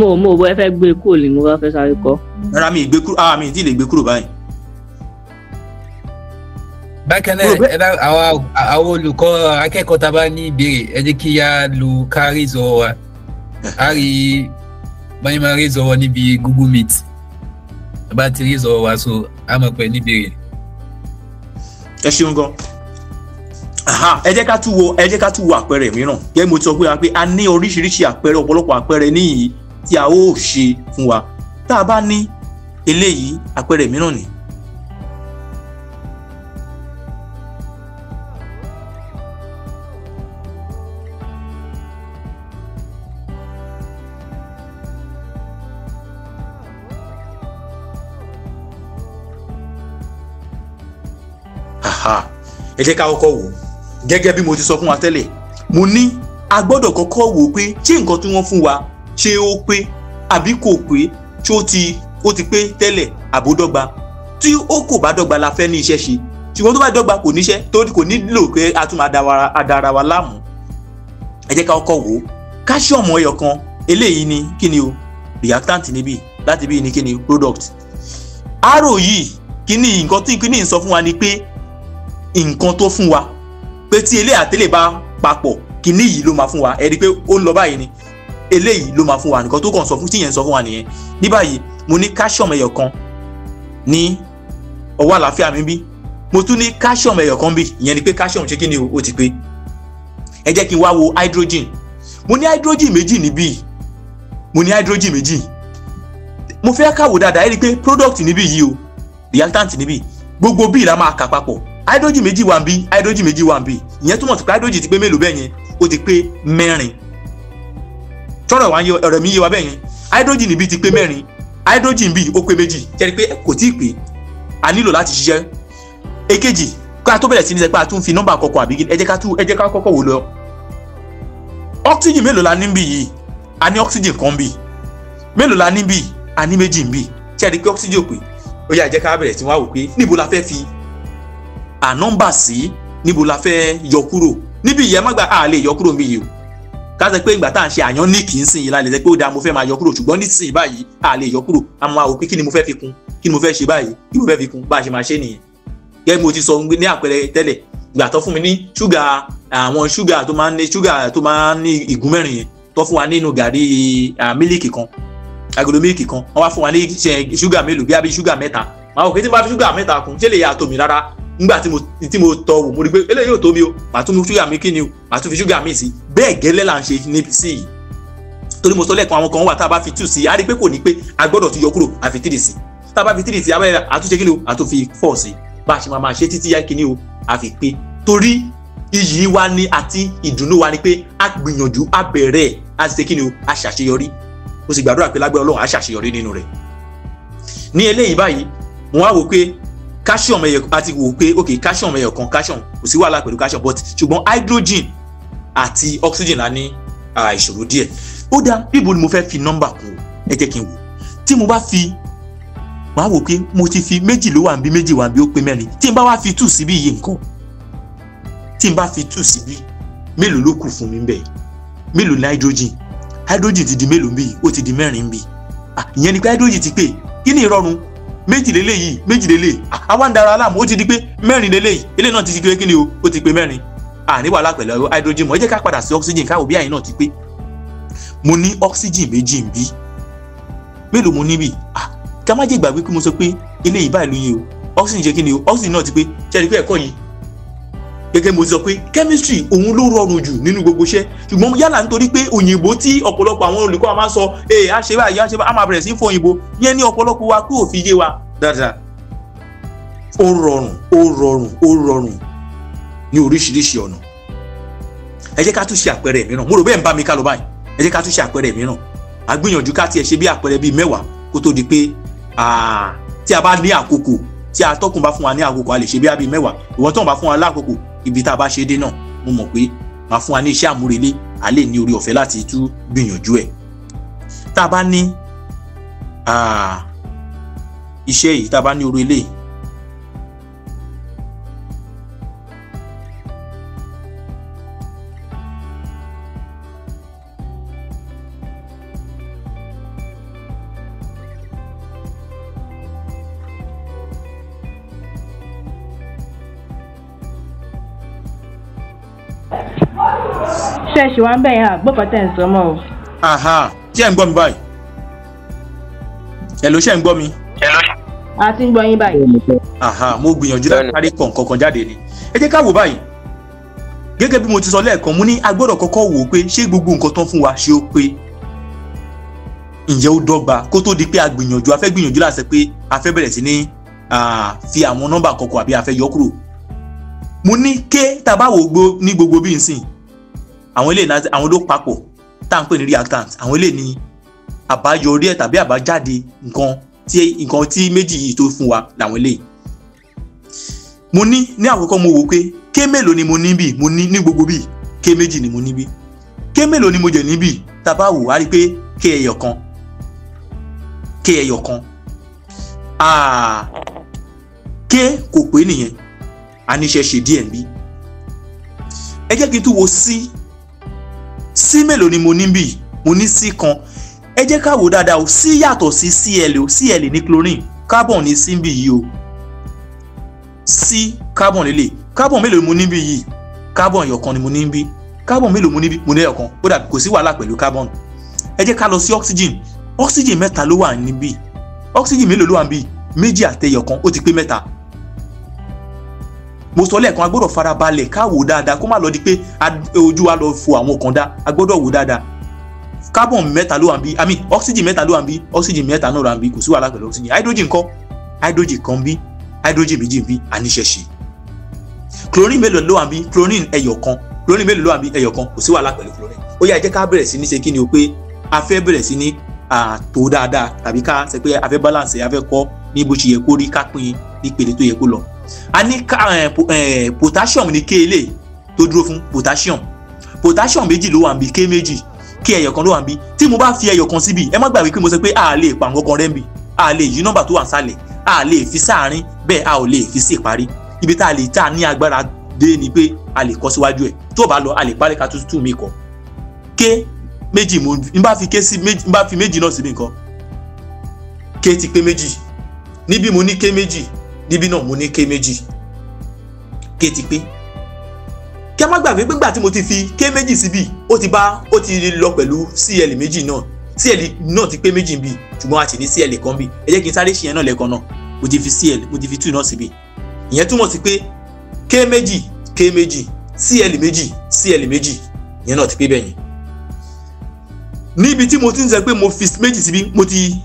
mo mo bọ ẹ fẹ́ gbé e kúrò ni mo bá fẹ́ sáré kọ. rárá mi ìgbé kúrò ah mi ìdí lè gbé kúrò báyìí. bákan náà ẹ bá àwọn olùkọ́ akẹ́kọ̀ọ́ tá a bá ní ìbéèrè ẹ jẹ́ kí a lo kárí zọ wa a rí báyìí rí zọ níbi google meet bá ti rí sọ̀rọ̀ wa so a mọ̀ pé níbi rẹ̀. ẹ ṣeun gan ẹ jẹ́ ká tún wo ẹ jẹ́ ká tún wo àpẹẹrẹ mìíràn gẹ́gẹ́ mo ti sọ fún wa pé a ní oríṣiríṣi àpẹẹrẹ ọ̀pọ̀lọpọ̀ àpẹẹrẹ níyì tí a ó ṣe fún wa tá a bá ní eléyìí àpẹẹrẹ mìíràn ni ẹ jẹ́ ká kọ́kọ́ wò gẹ́gẹ́ bí mo ti sọ fún wa tẹ́lẹ̀ mo ní a gbọ́dọ̀ kọ́kọ́ wò pé ṣé nǹkan tí wọ́n fún wa ṣé ó pé àbí kò pé ṣé ó ti ó ti pé tẹ́lẹ̀ àbódọ́gba tí ó kò bá dọ́gba la fẹ́ ní iṣẹ́ ṣe ṣùgbọ́n tó bá dọ́gba kò níṣẹ́ tó kò nílò pé a tún máa da wa láàmú ẹ jẹ́ ká kọ́kọ́ wò ó káṣíọ̀mù ẹyọ kan eléyìí ni kí ni o reactant níbí láti bí ni kí ni product arrow yìí kí ni nǹkan tí kí ni ń ni pé nǹkan tó fún wa pé tí eléyìí àtẹlẹ bá papọ̀ kíní yìí ló máa fún wa ẹ rí i pé ó ń lọ báyìí ni eléyìí ló máa fún wa nǹkan tó kàn sọ fún tíyẹn sọ fún wa nìyẹn ní báyìí mo ní calcium ẹyọ kan ní ọwọ́ àlàáfíà mi bí mo tún ní calcium ẹyọ kan bí ìyẹn ni pé calcium ṣe kí ni o ti pé ẹ jẹ́ kí n wá wo hydrogen mo ní hydrogen méjì níbí mo ní hydrogen méjì mo fẹ́ káwò dáadáa ẹ rí i pé product níbí yìí o reactant níbí gbogbo bíi la máa kà papọ̀ hydrogen méjì wà ń bí hydrogen méjì wà ń bí ìyẹn túmọ̀ sí pé hydrogen ti pé mélòó bẹ́ẹ̀ yẹn ó ti pé mẹ́rin tọ́rọ̀ wá yọ ọ̀rọ̀ mi yé wa bẹ́ẹ̀ yẹn hydrogen níbi ti pé mẹ́rin hydrogen bíi ó pé méjì jẹ́rìí pé kò tí ì pé a nílò láti ṣiṣẹ́ èkejì ká tó bẹ̀rẹ̀ sí ní sẹ́pẹ́ a tún fi nọ́mbà kọ̀ọ̀kan àbí ẹ jẹ́ ká tún ẹ jẹ́ ká kọ́kọ́ wò lọ oxygen mélòó la ní bí yìí a ní oxygen kan bí mélòó la ní bí a ní méjì bí ṣẹ́ẹ̀rí pé oxygen ò pé ó yá jẹ́ ká bẹ̀rẹ̀ sí wá wò pé níbo la fẹ́ fi ànọ́mbà sí níbo la fẹ́ yọ kúrò níbi ìyẹn mọ́gbà a lè yọ kúrò mi yìí o ká sọ pé ìgbà tá à ń ṣe àyàn ní kì í sìn yìí la lè sọ pé ó dáa mo fẹ́ máa yọ kúrò ṣùgbọ́n nísìnyí báyìí a lè yọ kúrò a máa wò pé kí ni mo fẹ́ fi kún kí ni mo fẹ́ ṣe báyìí kí ni mo fẹ́ fi kún bá a ṣe máa ṣe nìyẹn gẹ́gẹ́ bí mo ti sọ ní àpẹẹrẹ tẹ́lẹ̀ ìgbà tó fún mi ní ṣúgà àwọn ṣúgà tó máa ń ní ṣúgà tó máa ń ní ìgún mẹ́rin yẹn tó fún wa nínú gàrí mílíkì kan agolo mílíkì kan wọ́n wá fún wa ní ṣúgà mélòó bí i ṣúgà mẹ́ta màá wò pé tí n bá fi ṣúgà mẹ́ta kún ṣé lè yà mi rárá ngbà tí mo tọ wò mo rí pé eléyìí ò tó mi o màá tún mu ṣúgà mi kí ni o màá tún fi ṣúgà mi sí bẹ́ẹ̀ gẹ́lẹ́ là ń ṣe níbi sí yìí torí mo sọ lẹ́ẹ̀kan àwọn kan wà tá a bá fi two sí i á rí i pé kò ní pé a gbọ́dọ̀ tún yọ kúrò àfi three sí i tá a bá fi three sí i abẹ́rẹ́ àtúnṣe kí ni o àtúnfi four sí i bá a ṣe máa máa ṣe títí yá kí ni o àfi pé torí iyì wa ni àti ìdùnnú wa ni pé a gbìyànjú a bẹ̀rẹ̀ a ṣe kí ni o a ṣàṣeyọrí mo sì gbàdúrà pé lágbára Ọlọ́run a ṣàṣeyọrí nínú rẹ̀ ní eléyìí báyìí mo wá wò pé calcium ẹyọ a ti wò pé ok calcium ẹyọ kan calcium kò sí wàhálà pẹ̀lú calcium but ṣùgbọ́n hydrogen àti oxygen la ní ìṣòro díẹ̀ ó dá bíbo ni mo fẹ́ fi nọ́mbà kún ẹ jẹ́ kí n wò tí mo bá fi màá wò pé mo ti fi méjì ló wà níbí méjì wà níbí ó pé mẹ́rin tí n bá wá fi two síbí yìí nǹkan tí n bá fi two síbí mélòó ló kù fún mi bẹ́ẹ̀ mélòó ni hydrogen hydrogen ti di mélòó bí ó ti di mẹ́rin bí ìyẹn ni pé hydrogen ti pé kí ni ìrọ̀rùn méjìlélẹ́ yìí méjìlélẹ́ àwa ń dara aláàmú ó ti di pé mẹ́rin lélẹ́ yìí eléyìí náà ti di pé kí ni o ó ti pé mẹ́rin àní wàhálà pẹ̀lú ẹ̀rọ hydrogen mọ̀ ẹ jẹ́ ká padà sí oxygen káwọ́ bí àyìn náà ti pé mo ní oxygen méjì ń bí mélòó mo níbí ká má jẹ́ ìgbàgbé pé mo sọ pé eléyìí báyìí lóyún o oxygen jẹ́ kí ni o oxygen náà ti pé ṣẹ́ni pé ẹ̀kọ́ yìí gẹ́gẹ́ mo sọ pé chemistry òun ló rọrùn jù nínú gbogbo iṣẹ́ ṣùgbọ́n yálà nítorí pé òyìnbó tí ọ̀pọ̀lọpọ̀ àwọn olùkọ́ wa máa sọ ee a ṣe báyìí a ṣe báyìí a máa bẹ̀rẹ̀ sí í fọ òyìnbó yẹn ní ọ̀pọ̀lọpọ̀ wa kúrò fi yé wa dáadáa ó rọrùn ó rọrùn ó rọrùn ní oríṣiríṣi ọ̀nà ẹ jẹ́ ká tún ṣe àpẹẹrẹ mìíràn mo rò bẹ́ẹ̀ ń bá mi ká lọ báyìí ẹ jẹ́ ká tún ṣe àpẹẹrẹ mìíràn a gbìyànjú ká tiẹ̀ ṣe bí àpẹẹrẹ bíi mẹ́wàá kó tó di pé tí a bá ní àkókò tí atọ́kùn bá fún wa ní àkókò a lè ṣe bí abí mẹ́wàá ìwọ́n tó ń bá fún wa lákòókò ibi tá a bá ṣe dé náà mo mọ̀ pé màá fún wa ní iṣẹ́ àmúrelé a ní orí ọ̀fẹ́ láti tún gbìyànjú ẹ̀ tá a bá ní iṣẹ́ yìí tá a bá ní orí eléyìí ṣe ṣì wá ń bẹ̀yẹn àgbọ̀kọ̀ tẹ̀ ń sọ mọ́ o. ṣé ẹ̀ ń gbọ́ mi báyìí ẹ̀ ló ṣe ń gbọ́ mi. a ti ń gbọ́ yín báyìí. mo gbìyànjú láti parí kọ̀ọ̀kan kan jáde ni ẹ jẹ́ ká wò báyìí gẹ́gẹ́ bí mo ti sọ lẹ́ẹ̀kan mo ní a gbọ́dọ̀ kọ́kọ́ wò ó pé ṣé gbogbo nǹkan tán fún wa ṣé ó pé ǹjẹ́ ó dọ́gba kó tó di pé a gbìyànjú a fẹ́ gbìyànjú láti pé a fẹ́ bẹ̀rẹ̀ sí ní fi àwọn nọ́mbà kọ̀ọ̀kan àbí a fẹ́ yọ kúrò mo ní ké tá a bá wò ó ní gbogbo bí nsìn àwọn eléyìí náà àwọn ló papọ̀ tá à ń pè ní reactant àwọn eléyìí ni àbáyọrí ẹ̀ tàbí àbájáde nǹkan tí nǹkan tí méjì yìí tó fún wa làwọn eléyìí. mo ní ní àkọ́kọ́ mo wò pé ké mélòó ni mo ní bì mo ní ní gbogbo bì ké méjì ni mo ní bì ké mélòó ni mo jẹ̀ níbì tá a bá wò á rí i pé ké ẹyọ kan ké ẹyọ kan ké kò pé nìyẹn àníṣe ṣe díẹ̀ ń bí ẹ jẹ́ kí n tún wo sí. Si sí mélòó ni mo ní bí mo ní sí kan ẹ jẹ́ ká wò dáadáa o sí yàtọ̀ sí cl o cl ní chlorine carbon ní sí bí yìí o sí carbon lélẹ̀ carbon mélòó ni mo ní bí yìí carbon ẹ̀yọ̀kan ni mo ní bí carbon mélòó mo ní mo ní ẹ̀yọ̀kan ó dàbí kò sí wàhálà pẹ̀lú carbon ẹ jẹ́ ká lọ sí oxygen oxygen mẹ́ta ló wà níbí oxygen mélòó ló wà níbí méjì àtẹyọ̀kan ó ti pé mẹ́ta mo sọ lẹ́ẹ̀kan a gbọ́dọ̀ farabalẹ̀ ká wò dáadáa kó má lọ di pé ojú wa lọ fo àwọn kan dá a gbọ́dọ̀ wò dáadáa carbon mẹ́ta ló wà ń bí i mean oxygen mẹ́ta ló wà ń bí oxygen mẹ́ta náà wà ń bí kò sí wàhálà pẹ̀lú oxygen hydrogen kọ́ hydrogen kan bí hydrogen méjì bí àníṣẹ̀ṣe chlorine mélòó ló wà ń bí chlorine ẹyọ kan chlorine mélòó ló wà ń bí ẹyọ kan kò sí wàhálà pẹ̀lú chlorine ó yá ẹ jẹ́ ká bẹ̀rẹ̀ sí ní ṣe kí ni o pé a fẹ́ bẹ̀rẹ̀ sí ní àtò dáadáa tàbí ká ṣe pé a fẹ́ balance a fẹ́ kọ́ ní bó ṣe yẹ kó rí ká pín ìpele tó yẹ kó lọ a ní eh, eh, potassium ní k eléyìí tó dúró fún potassium potassium méjì ló wà ń bi k méjì k ẹyọkan ló wà ń bi tí mo bá fi ẹyọkan síbi ẹ má gbàgbé pé mo sọ pé a lè pa nǹkan kan rẹ́ ń bi a lè yí nọ́mbà tó wà sálẹ̀ a lè fi sáàárín bẹ́ẹ̀ a ò lè fi sí ìparí ibi tá a lè tá a ní agbára dé ni pé a lè kọ síwájú ẹ̀ tó bá lọ a lè parí ká tuntun mi kọ k méjì mo n bá fi k sí méjì n bá fi méjì náà síbi nǹkan k ti pé méjì níbí mo ní k méjì níbí náà mo ní ké méjì ké ti pé kí a má gbàgbé pé gbà tí mo ti fi ké méjì síbi ó ti bá ó ti lọ pẹ̀lú cl méjì náà cl náà ti pé méjì bí ṣùgbọ́n a sì ní cl kan bí ẹ jẹ́ kí n sáré ṣe yẹn náà lẹ́ẹ̀kan náà mo ti fi cl mo ti fi two náà síbi ìyẹn túmọ̀ sí pé ké méjì ké méjì cl méjì cl méjì ìyẹn náà ti pé bẹ́ẹ̀ yẹn níbi tí mo ti ń sọ pé mo fi méjì síbi mo ti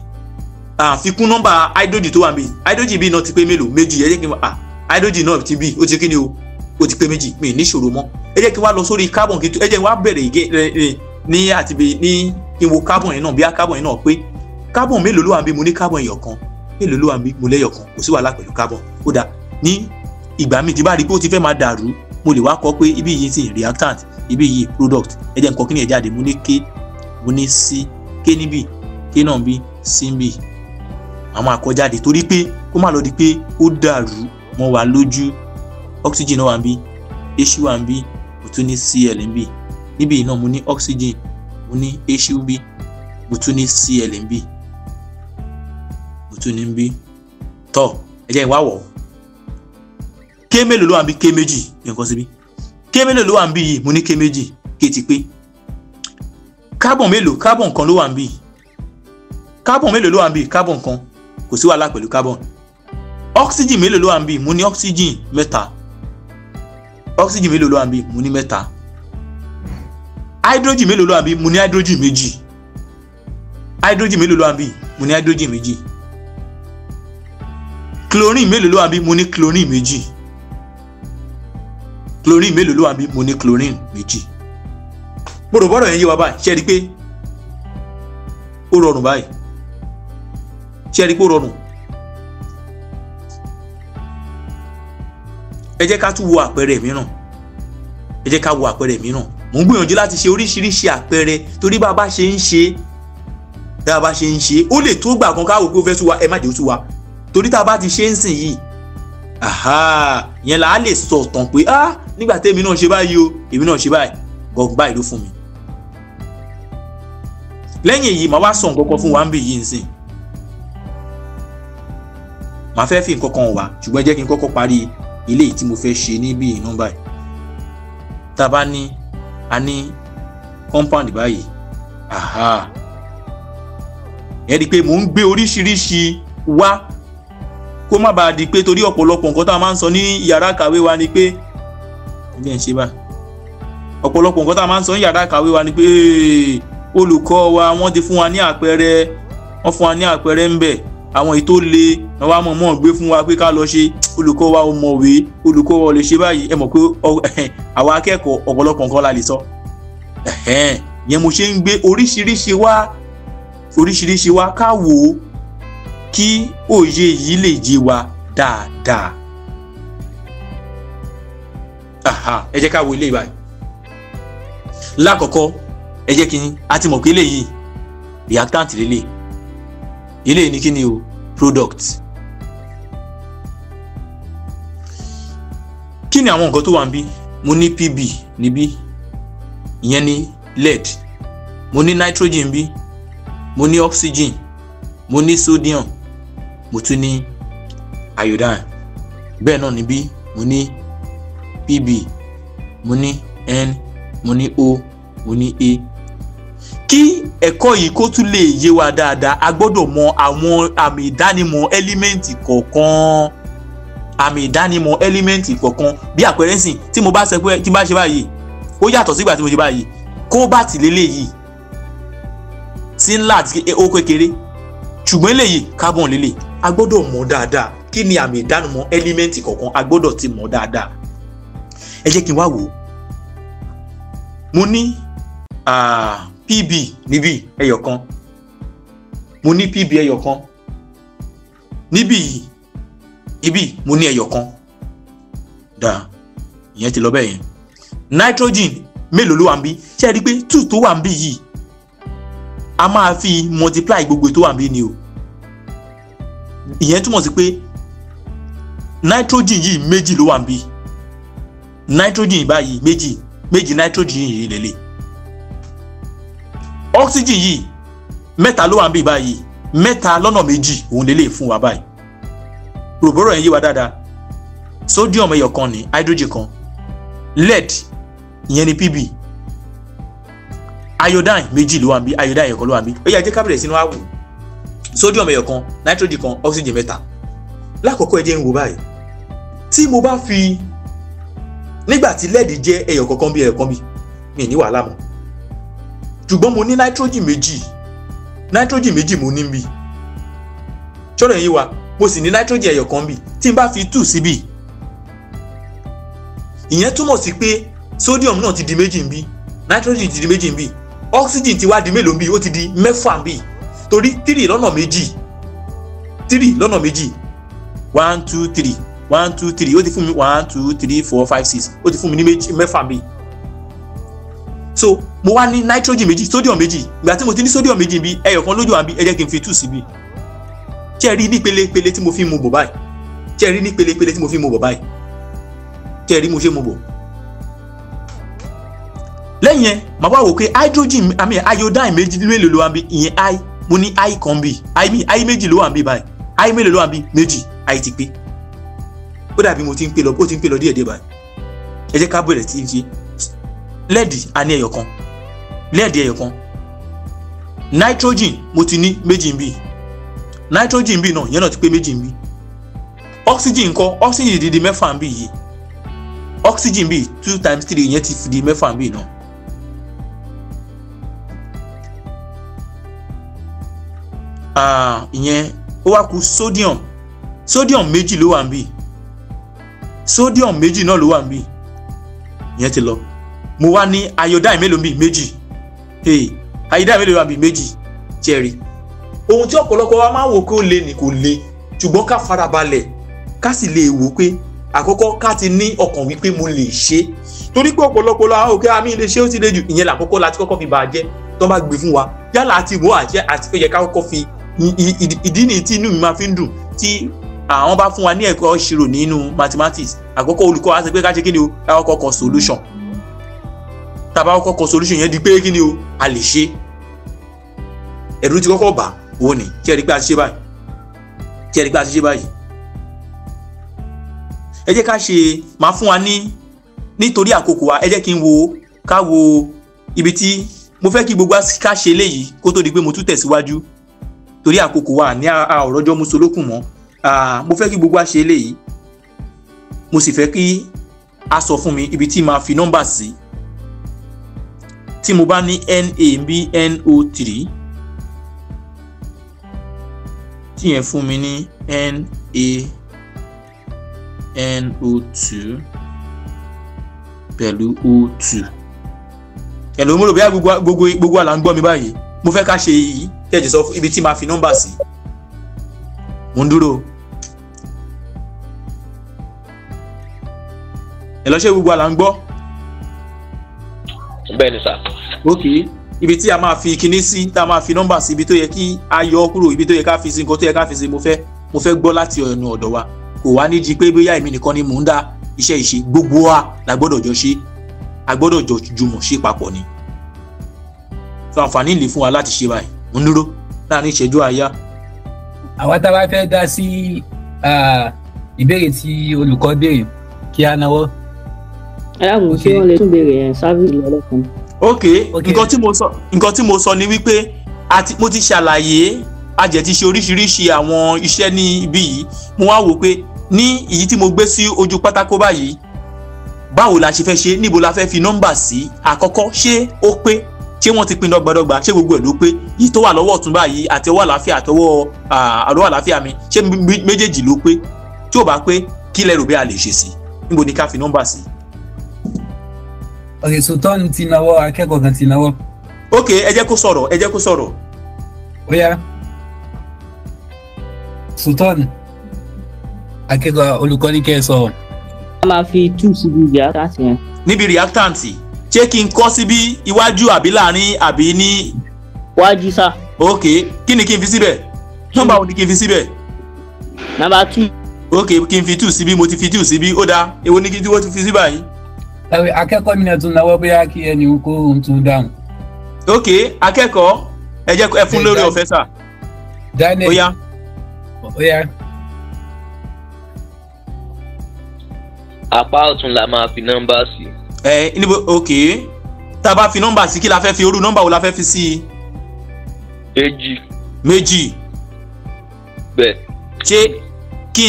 àfikún ah, nọ́mbà háídrójì tó wà mí háídrójì bíi náà ti pé mélòó méjì ẹ jẹ́ kí n à ah, háídrójì náà ti bí ó ti kí ni o ó ti pé méjì mi níṣòro mọ́ ẹ jẹ́ kí n wá lọ sórí carbon kí n tó ẹ jẹ́ kí n wá bẹ̀rẹ̀ ní àti ní kí n wo carbon yẹn náà bí a carbon yẹn náà pé carbon mélòó ló wà mí mo ní carbon ẹyọ̀kan mélòó ló wà mí mo lẹ́yọ̀kan kò sí wàhálà pẹ̀lú carbon ó dà ní ìgbà míì tí bá rí pé ó ti fẹ́ máa dàrú mo lè wá kọ pé ibi yìí sì reactant ibi yìí product ẹ jẹ́ nǹkan kí ni ẹ̀ jáde mo ní k mo ní c k níbí k náà bí c níbí àwọn àkọjáde torí pé kó má lọ di pé ó dàrú mọ́ wa lójú oxygen náà wà ń bí HU wà ń bí mo tún ní Cl ń bí níbi iná mo ní oxygen mo ní HU bí mo tún ní Cl ń bí mo tún ní ń bí tọ́ ẹ jẹ́ ìwá wọ̀ k mélòó ló wà ń bí k méjì nǹkan síbí k mélòó ló wà ń bí yìí mo ní k méjì k ti pé carbon mélòó carbon kan ló wà ń bí carbon mélòó ló wà ń bí carbon kan kò sí wàhálà pẹ̀lú carbon oxygen mélòó ló wà ń bì mo ní oxygen mẹ́ta oxygen mélòó ló wà ń bì mo ní mẹ́ta hydrogen mélòó ló wà ń bì mo ní hydrogen méjì hydrogen mélòó ló wà ń bì mo ní hydrogen méjì chlorine mélòó ló wà ń bì mo ní chlorine méjì chlorine mélòó ló wà ń bì mo ní chlorine méjì mo bọ́dọ̀ yẹn yé wa báyìí ṣe é rí pé ó rọrùn báyìí ṣe é rí pé ó rọrùn. ẹ jẹ́ ká tún wo àpẹẹrẹ mìíràn ẹ jẹ́ ká wo àpẹẹrẹ mìíràn mò ń gbìyànjú láti ṣe oríṣiríṣi àpẹẹrẹ torí bá a bá ṣe ń ṣe bá a bá ṣe ń ṣe ó lè tó gbà kan káwò pé ó fẹ́ sú wa ẹ má jẹ́ ó wa torí tá a bá ti ṣe ń sìn yìí aha yẹn là á lè sọ tán pé ah nígbà tẹ́mi náà ṣe báyìí o èmi náà ṣe báyìí gọ̀ọ̀gùn báyìí ló fún mi lẹ́yìn èyí màá wá sọ nǹkan fún wa ń bì yìí ń Ma fẹ́ fi nǹkan kan wà ṣùgbọ́n jẹ́ kí n kọ́kọ́ parí ilé tí mo fẹ́ ṣe níbí ìnú báyìí tá a bá ní a ní compound báyìí aha yẹn di pé mò ń gbé oríṣiríṣi wá kó má bàa di pé torí ọ̀pọ̀lọpọ̀ nǹkan tá a máa ń sọ ní yàrá kàwé wa ni pé ilé ń ṣe báyìí ọ̀pọ̀lọpọ̀ nǹkan tá a máa ń sọ ní yàrá kàwé wa ni pé olùkọ́ wa wọ́n ti fún wa ní àpẹẹrẹ wọ́n fún wa ní àpẹẹrẹ ń bẹ àwọn èyí tó le wọn wá mọ̀ mọ́ gbé fún wa pé ká lọ ṣe olùkọ́ wa ò mọ̀wé olùkọ́ wa ò lè ṣe báyìí ẹ mọ̀ pé àwa akẹ́kọ̀ọ́ ọ̀pọ̀lọpọ̀ nǹkan la lè sọ yẹn mo ṣe ń gbé oríṣiríṣi wá oríṣiríṣi wá ká wò ó kí òye yìí lè yé wa dáadáa ẹ jẹ́ ká wo ilé ìbáyìí lákọ̀ọ́kọ́ ẹ jẹ́ kí ni a ti mọ̀ pé eléyìí reactant lélẹ̀ eléyìí ni kí ni o product. kí ni àwọn nǹkan tó wà níbí mo ní pb níbí ìyẹn ni lead mo ní nitrogen bí mo ní oxygen mo ní sodium mo tún ní iodine bẹ́ẹ̀ náà níbí mo ní pb mo ní n mo ní o mo ní a kí ẹ̀kọ́ yìí kó tún lè yé wa dáadáa a gbọ́dọ̀ mọ àwọn àmì ìdánimọ̀ ẹ́límẹ́ǹtì kọ̀ọ̀kan àmì ìdánimọ̀ ẹ́límẹ́ǹtì kọ̀ọ̀kan bí àpẹẹrẹ sìn tí mo bá sọ pé tí n bá ṣe báyìí ó yàtọ̀ sígbà tí mo ṣe báyìí kó bá ti lélẹ̀ yìí tí ńlá àti ó kékeré ṣùgbọ́n eléyìí carbon lélẹ̀ a gbọ́dọ̀ mọ̀ dáadáa kí ni àmì ìdánimọ̀ ẹ́límẹ́ǹtì kọ̀ọ̀kan a gbọ́dọ̀ ti mọ̀ dáadáa ẹ jẹ́ kí n wá wò ó mo ní pb níbí ẹyọ kan mo ní pb ẹyọ kan níbí yìí ibí mo ní ẹyọ kan dà ìyẹn ti lọ bẹ́ẹ̀ yẹn nitrogen mélòó ló wà ń bí ṣe é rí i pé two tó wà ń bí yìí a máa fi multiply gbogbo tó wà ń bí ni o ìyẹn túmọ̀ sí pé nitrogen yìí méjì ló wà ń bí nitrogen báyìí méjì méjì nitrogen yìí lélẹ̀ oxygen yìí mẹ́ta ló wà ń bì báyìí mẹ́ta lọ́nà méjì òun lè lè fún wa báyìí rògbòrò yẹn yé wa dáadáa sodium ẹyọ kan ní hydrogen kan lead ìyẹn ni pb iodine méjì ló wà ń bí iodine ẹyọ kan ló wà ń bí ó yá jẹ́ ká bẹ̀rẹ̀ sínú àwò sodium ẹyọ kan nitrogen kan oxygen mẹ́ta lákòókò ẹ jẹ́ ń wò báyìí tí mo bá fi nígbà tí lead jẹ́ ẹyọ kọ̀ọ̀kan bí ẹyọ kan bí mi ní wàhálà mọ́ ṣùgbọ́n mo ní nitrogen méjì nitrogen méjì mo ní bí ṣọ́rọ̀ yìí wa mo sì ní nitrogen ẹyọ kan bí tí n bá fi two síbí ìyẹn túmọ̀ sí pé sodium náà ti di méjì bí nitrogen ti di méjì bí oxygen ti wá di mélòó bí ó ti di mẹ́fà bí torí three lọ́nà méjì three lọ́nà méjì one two three one two three ó ti fún mi one two three four five six ó ti fún mi ní méjì mẹ́fà bí so mo wá ní nitrogen méjì sodium méjì ìgbà tí mo ti ní sodium méjì bí ẹyọ kan lójú àbí ẹ jẹ́ kí n fi two síbi tí ẹ rí ní pelepele tí mo fi mu bò báyìí tí ẹ rí ní pelepele tí mo fi mu bò báyìí tí ẹ rí mo ṣe mu bò lẹ́yìn yẹn màá wá wò pé hydrogen àmì iodine méjì mélòó ló wà bí ìyẹn i mo ní i kan bí i mi i méjì ló wà bí báyìí i mélòó ló wà bí méjì i ti pé ó dàbí mo ti ń pè lọ ó ti ń pè lọ díẹ̀díẹ̀ báyìí ẹ jẹ́ ká bẹ̀rẹ̀ sí í ṣe lẹ́ẹ̀dì a ní ẹyọ kan lẹ́ẹ̀dì ẹyọ nitrogen mo ti ní méjì nbí nitrogen nbí náà yẹn náà ti pé méjì nbí oxygen ńkọ́ oxygen di di mẹ́fà nbí yìí oxygen bíi two times three yẹn ti di mẹ́fà bíi náà. ìyẹn ó wá ku sodium sodium méjì ló wà níbí sodium méjì náà ló wà níbí ìyẹn ti lọ mo wá ní iodine mélòó bíi méjì iodine mélòó bíi méjì jẹ́rìí ohun tí ọ̀pọ̀lọpọ̀ wa máa ń wò pé ó le ni kò le ṣùgbọ́n ká farabalẹ̀ ká sì lè wò pé àkọ́kọ́ ká ti ní ọkàn wípé mo lè ṣe torí pé ọ̀pọ̀lọpọ̀ la ó kẹ́ àmì ilé ó ti le jù ìyẹn làkọ́kọ́ la ti kọ́kọ́ fi bà á jẹ́ tó bá gbé fún wa yálà àti ìwọ àjẹ́ àti pé yẹ ká kọ́kọ́ fi ìdí nìyí tí inú mi máa fi ń dùn tí àwọn bá fún wa ní ẹ̀kọ́ ìṣirò nínú mathematics àkọ́kọ́ olùkọ́ wa sọ pé ká ṣe kí ni o ká kọ́kọ́ solution tàbá kọ́kọ́ kọ solution yẹn di pé kí ni o a lè ṣe ẹ̀rù ti kọ́kọ́ bà wọ́n ni kí ẹ rí pé a ti ṣe báyìí kí ẹ pé a ti ṣe báyìí ẹ jẹ́ ká ṣe máa fún wa ní nítorí àkókò wa ẹ jẹ́ kí n wo ká wo ibi tí mo fẹ́ kí gbogbo ká ṣe léyìí kó tó di pé mo tún tẹ̀síwájú torí àkókò wa ní àọ̀rọ̀jọ́ musolókùn mọ́ mo fẹ́ kí gbogbo ṣe léyìí mo sì fẹ́ kí a sọ fún mi ibi tí màá fi nọ́mbà sí. Si tí mo bá ní na bí no3 tí yẹn fún mi ní na no2 pẹ̀lú o2 ẹ̀lò mo rò bí gbogbo gbogbo àlà ń gbọ́ mi báyìí mo fẹ́ ká ṣe yìí kẹ́jì sọ ibi tí màá fi nọ́mbà sí mo ń dúró. ẹ̀lọ́ṣẹ́ gbogbo àlà ń gbọ́. bẹ́ẹ̀ ni sà ok ibi tí a máa fi kinní sí tá a máa fi nọ́mbà sí ibi tó yẹ kí a yọ kúrò ibi tó yẹ ká fi sí nǹkan tó yẹ ká fi sí mo fẹ́ mo fẹ́ gbọ́ láti ọ̀nà ọ̀dọ̀ wa kò wá ní di pé bóyá èmi nìkan ni mò ń dá iṣẹ́ ìṣe gbogbo wa la gbọ́dọ̀ jọ ṣe a gbọ́dọ̀ jọ jùmọ̀ ṣe papọ̀ ni. sọ àǹfààní lè fún wa láti ṣe báyìí ń dúró láàrin ìṣẹ́jú àáyá. àwa tá a bá fẹ́ dá sí ìbéèrè tí olùkọ́ béèrè kí á náwó. aláàmú tí wọ́n lè tún béèrè ẹ̀ sábì lọ́lọ́kùnrin ok nǹkan tí mo sọ nǹkan tí mo sọ ni wípé mo ti ṣàlàyé ajẹ́ ti ṣe oríṣiríṣi àwọn iṣẹ́ ní ibi yìí mo wá wò pé ní èyí tí mo gbé sí ojú pátákó báyìí báwo la ṣe fẹ́ ṣe níbo la fẹ́ fi nọ́mbà sí àkọ́kọ́ ṣé ó pé ṣé wọ́n ti pín dọ́gbadọ́gba ṣé gbogbo ẹ̀ ló pé yìí tó wà lọ́wọ́ ọ̀tún báyìí àti ọwọ́ àlàáfíà àtọwọ́ àlọ́wọ́ àlàáfíà mi ṣé méjèèjì ló pé tí ò bá pé kí lẹ́rù bí a lè ṣe sí níbo ni ká fi nọ́mbà sí ok sultan ti nawọ́ akẹ́kọ̀ọ́ kan ti nawọ́. ok ẹ jẹ́ kó sọ̀rọ̀ ẹ jẹ́ kó sọ̀rọ̀. ó yá sultan akẹ́kọ̀ọ́ olùkọ́ ní kẹ́ ẹ sọ̀rọ̀. a máa fi two síbi reactant yẹn. níbi reactant ṣé kí n kọ́ síbi iwájú àbí láàrin àbí ní. wájú sá. ok kí ni kí n fi síbẹ̀ nọ́mbà wo ni kí n fi síbẹ̀. nọ́mbà two. ok kí n fi two síbi mo ti fi two síbi ó dáa èwo ni kí n fi síbẹ̀ yìí akẹ́kọ̀ọ́ mi náà tún náwó bóyá kí ẹni kó ń tún dáhùn. ok akẹ́kọ̀ọ́ ẹ jẹ́ ẹ fún lórí ọ̀fẹ́ sà. daniel oya. oya. apá ọ̀tún la máa fi nọ́mbà sí. ẹ níbo ok tá a bá fi nọ́mbà sí kí la fẹ́ fi orú nọ́mbà wo la fẹ́ fi sí i. méjì. méjì. bẹ́ẹ̀. ṣé e, kí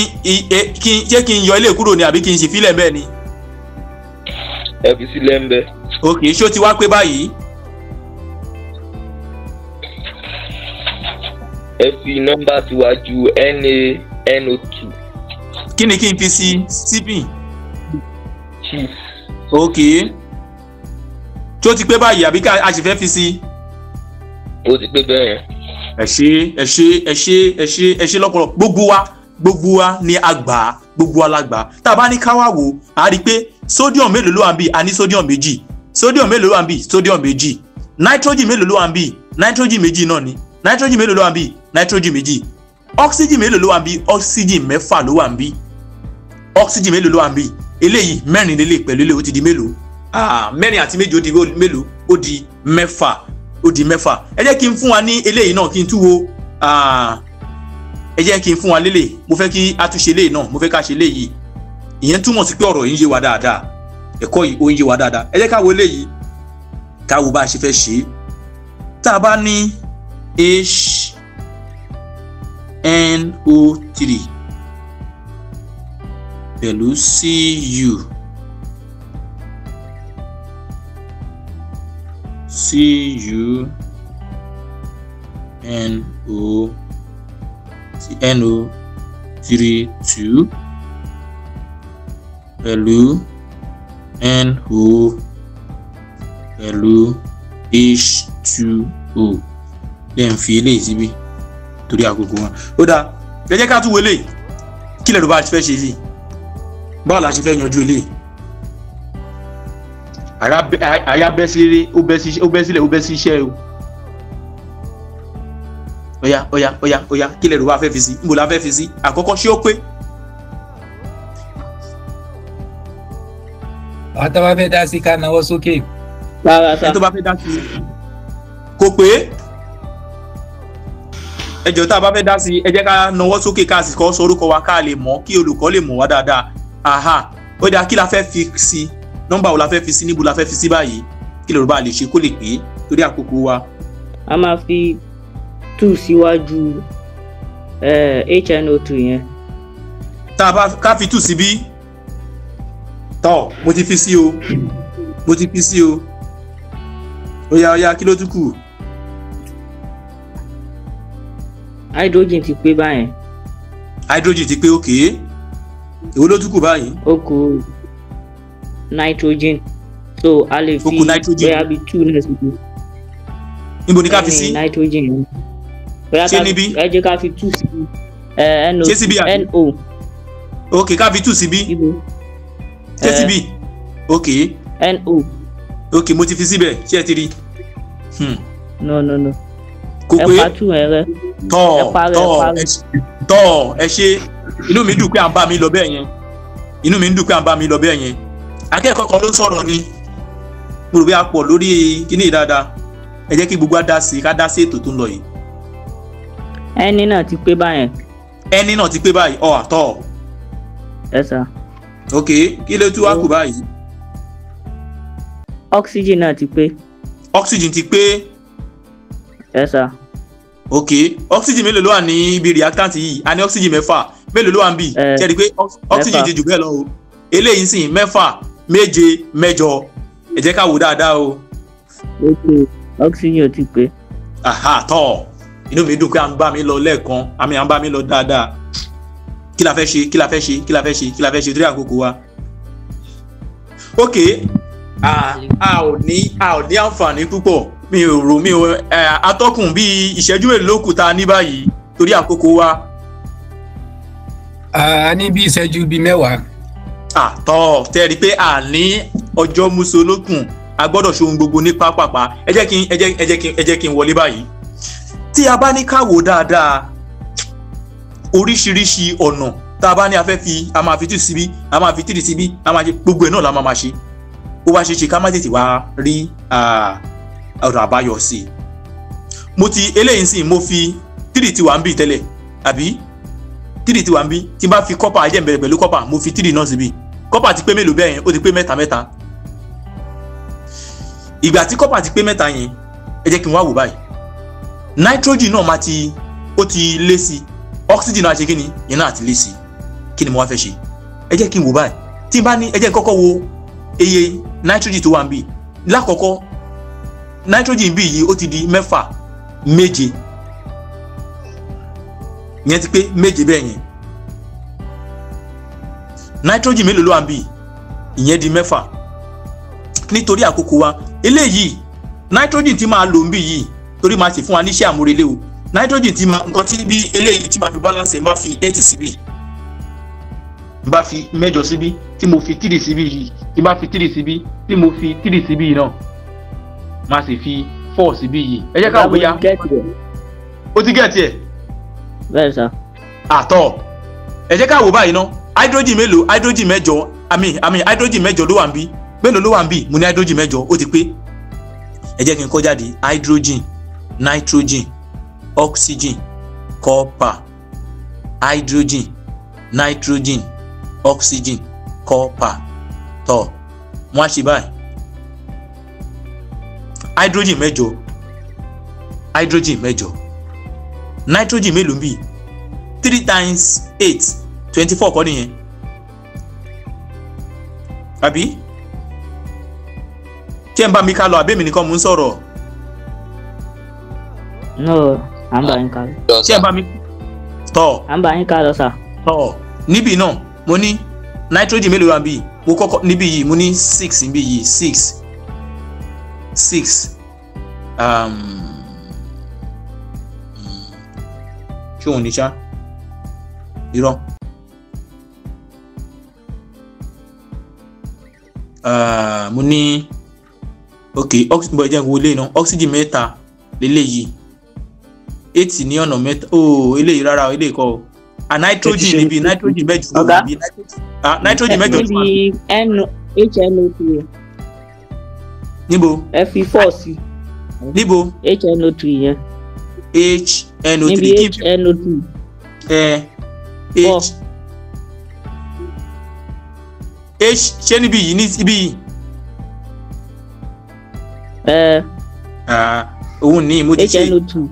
n ṣé kí n yọ ilé kúrò ni àbí kí n sì bẹ́ẹ̀ ni ẹ fi sílẹ̀ ń bẹ. ok ṣé o ti wá pé báyìí. ẹ fi nọ́mbà síwájú NaNO2. kí ni kí n fi sí síbìn. ok ṣé o ti pé báyìí àbí ká a sì fẹ́ fi sí. o ti pé bẹ́ẹ̀. ẹ ṣe ẹ ṣe ẹ ṣe ẹ ṣe ẹ ṣe lọ́pọ̀lọpọ̀ gbogbo wa gbogbo wa ni a gbà á gbogbo wa la gbà tá a bá ní ká wá wò rí i pé sodium mélòó ló wà ń a ní sodium méjì sodium mélòó ló wà ń sodium méjì nitrogen mélòó ló wà ń nitrogen méjì náà ni nitrogen mélòó ló wà ń nitrogen méjì oxygen mélòó ló wà ń oxygen mẹ́fà ló wà ń oxygen mélòó ló wà ń bì eléyìí mẹ́rin lélẹ̀ pẹ̀lú eléyìí ó ti di mélòó ah mẹ́rin àti méje ó di mélòó ó di mẹ́fà ó di mẹ́fà ẹ jẹ́ kí n fún wa ní eléyìí náà kí n tún wo ẹ jẹ́ kí n fún wa lélẹ̀ mo fẹ́ kí a tún eléyìí náà mo fẹ́ ká ṣe eléyìí ìyẹn túmọ̀ sí pé ọ̀rọ̀ yìí ń yé wa dáadáa ẹ̀kọ́ yìí ó ń yé wa dáadáa ẹ jẹ́ ká wo eléyìí ká wo bá a ṣe fẹ́ ṣe é tá a bá ní HNO3 pẹ̀lú Cu CuNO no three two pẹ̀lú NO pẹ̀lú H2O lẹ́yìn fi eléyìí síbí torí àkókò wọn. ó dáa ẹ jẹ́ ká tún wo eléyìí kí lẹ́nu bá a ti fẹ́ ṣe eléyìí báwo la ṣe fẹ́ yanjú eléyìí. àyà bẹ́ sílé ó bẹ́ sílẹ̀ ó bẹ́ sí o ó yá ó yá kí lẹ́nu bá a fẹ́ fi sí níbo la fẹ́ fi sí àkọ́kọ́ ṣé ó pé. àwọn tó bá fẹ́ dá sí ká náwó sókè. rárá sá ẹni tó bá fẹ́ dá sí kò pé ẹ jọ̀ọ́ tá a bá fẹ́ dá sí ẹ jẹ́ ká náwó sókè ká sì kọ́ sorúkọ wa ká lè mọ̀ kí olùkọ́ lè mọ̀ wá dáadáa aha ó dáa kí la fẹ́ fi sí nọ́mbà wo la fẹ́ fi sí níbo la fẹ́ fi sí báyìí kí lè rò bá a lè ṣe kó lè pé torí àkókò wa. a máa fi two síwájú hno eh, two yẹn. tá a bá ká fi two síbí. Si tọ́ mo ti fi sí o mo ti fi sí o oya oya kí ló tún kù. hydrogen ti pé báyẹn. hydrogen ti pé òkè èwo ló tún kù báyìí. ó kù nitrogen so a lè fi bóyá bíi two náà sí i. níbo ni ká fi sí. nitrogen bóyá ká ẹ jẹ́ ká fi two sí i. no no ok ká fi two sí i tẹ́tí bí eh. ok. no. ok mo ti fi síbẹ̀ ṣé ẹ ti rí. Hmm. no no no. kò pé ẹ pa two ẹ rẹ. tọ tọ tọ ẹ ṣe inú mi dùn pé à ń bá mi lọ bẹ́ẹ̀ yẹn inú mi dùn pé à ń bá mi lọ bẹ́ẹ̀ yẹn akẹ́kọ̀ọ́ kan ló sọ̀rọ̀ ni mo rò bí a pọ̀ lórí kíní dáadáa ẹ jẹ́ kí gbogbo á dá sí i ká dá sí ètò tó ń lọ yìí. ẹni náà ti pé báyẹn. ẹni náà ti pé báyìí ọ̀ àtọ̀. ẹ sà ok kí ló tún wá kù oh. báyìí. oxygen náà ti pé. oxygen ti pé. ẹ sà. ok oxygen mélòó ló wà ní ibi reactant yìí a ní oxygen mẹ́fà mélòó ló wà ń bì. ṣe é rí i pé oxygen ti jù bẹ́ẹ̀ lọ o eléyìí sì mẹ́fà méje mẹ́jọ ẹ jẹ́ ká wò dáadáa o. ok oxygen ò ti pé. aha tọ inú mi dùn pé à ń bá mi lọ lẹ́ẹ̀kan àmì à ń bá mi lọ dáadáa. Qui la fait chier? Qui la fait chier? Qui la fait chier? Qui la fẹ́ ṣe torí àkókò wa. ok a ò ní a ò ní àǹfààní púpọ̀ mi ò rò mi ò atọ́kùn bíi ìṣẹ́jú èlò lókù tá a ní báyìí torí àkókò wa. a ní bí ìṣẹ́jú bíi mẹ́wàá. àtọ́ tẹ́rí pé a ní ọjọ́ musolókun a gbọ́dọ̀ ṣe ohun gbogbo ní pápápá ẹ jẹ́ kí n ẹ jẹ́ kí n wọlé báyìí tí a bá ní ká dáadáa oríṣiríṣi ọ̀nà tá a bá ní a fẹ́ fi a máa fi tù síbí a máa fi tìrì síbí a máa ṣe gbogbo ẹ̀ náà la máa máa ṣe ó wá ṣe ṣe ká má tètè wá rí ọ̀nà àbáyọ sí i mo ti eléyìí sìn mo fi tìrì tiwa ń bì tẹ́lẹ̀ àbí tìrì tiwa ń bì tí n bá fi kọ́pà ajẹ́ ìbẹ̀rẹ̀ pẹ̀lú kọ́pà mo fi tìrì náà síbí kọ́pà ti pé mélòó bẹ́ẹ̀ yẹn ó ti pé mẹ́ta mẹ́ta ìgbà tí kọ́pà ti pé mẹ́ta yẹn ẹ jẹ́ kí n wá wò báyìí nitrogen náà ma ti ó ti lé sí i oxygen náà ṣe kí ni yẹn náà ti lé sí i kí ni mo wá fẹ́ ṣe ẹ jẹ́ kí n wò báyìí tí n bá ní ẹ jẹ́ kọ́kọ́ wo iye nitrogen tó wà ń bì lákọ̀ọ́kọ́ nitrogen bì yìí ó ti di mẹ́fà méje yẹn ti pé méje bẹ́ẹ̀ yẹn nitrogen mélòó ló wà ń bì ìyẹn di mẹ́fà nítorí àkókò wa eléyìí nitrogen ti máa lò ń bì yìí torí máa ṣe fún wa níṣẹ́ àmúrelé o nitrogen ti ma nǹkan tí bí eléyìí tí ma fi balance ma fi eight síbí n bá fi mẹ́jọ síbí tí mo fi three síbí yìí tí n bá fi three síbí tí mo fi three síbí yìí náà má sì fi four síbí yìí ẹ jẹ́ ká wò bóyá o ti gẹ̀ẹ́tì ẹ̀. bẹ́ẹ̀ sá. àtọ̀ ẹ jẹ́ ká wò báyìí ná hydrogen mélòó hydrogen mẹ́jọ àmì àmì hydrogen mẹ́jọ ló wà ń bí mélòó ló wà ń bí mo ní hydrogen mẹ́jọ ó ti pé ẹ jẹ́ kí n kọ́ jáde hydrogen nitrogen oxygen copper hydrogen nitrogen oxygen copper tọ wọn á ṣe báyìí hydrogen mẹ́jọ hydrogen mẹ́jọ nitrogen mélòó ń three times eight twenty four kọ́ nìyẹn àbí kí ẹ ń bá mi ká lọ àbẹ́mi nìkan mò ń sọ̀rọ̀. no à ń bá yín ká lọ. tí ẹ bá mi tọ. à ń bá yín ká níbí náà mo ní nitrogen mélòó wà bí mo kọ́kọ́ níbí yìí mo ní six níbí yìí six six um, ṣé òun ní ṣá irọ́. Uh, mo ní ok oxygen bọ̀ jẹ́ ìwọlé náà oxygen mẹ́ta lélẹ́yìí eight ní ọ̀nà mẹ́ta ooo eléyìí rárá o eléyìí kọ́ o a nitrogen níbi nitrogen mẹ́jọ ló wà níbi nitrogen mẹ́jọ ló wà. níbi hno2 níbo. ẹ fi four sí. níbo. hno2 yẹn. hno3 níbi hno2. ẹ h h ṣé níbi yìí ní ibi yìí. ẹ. òun ní mo ti hno2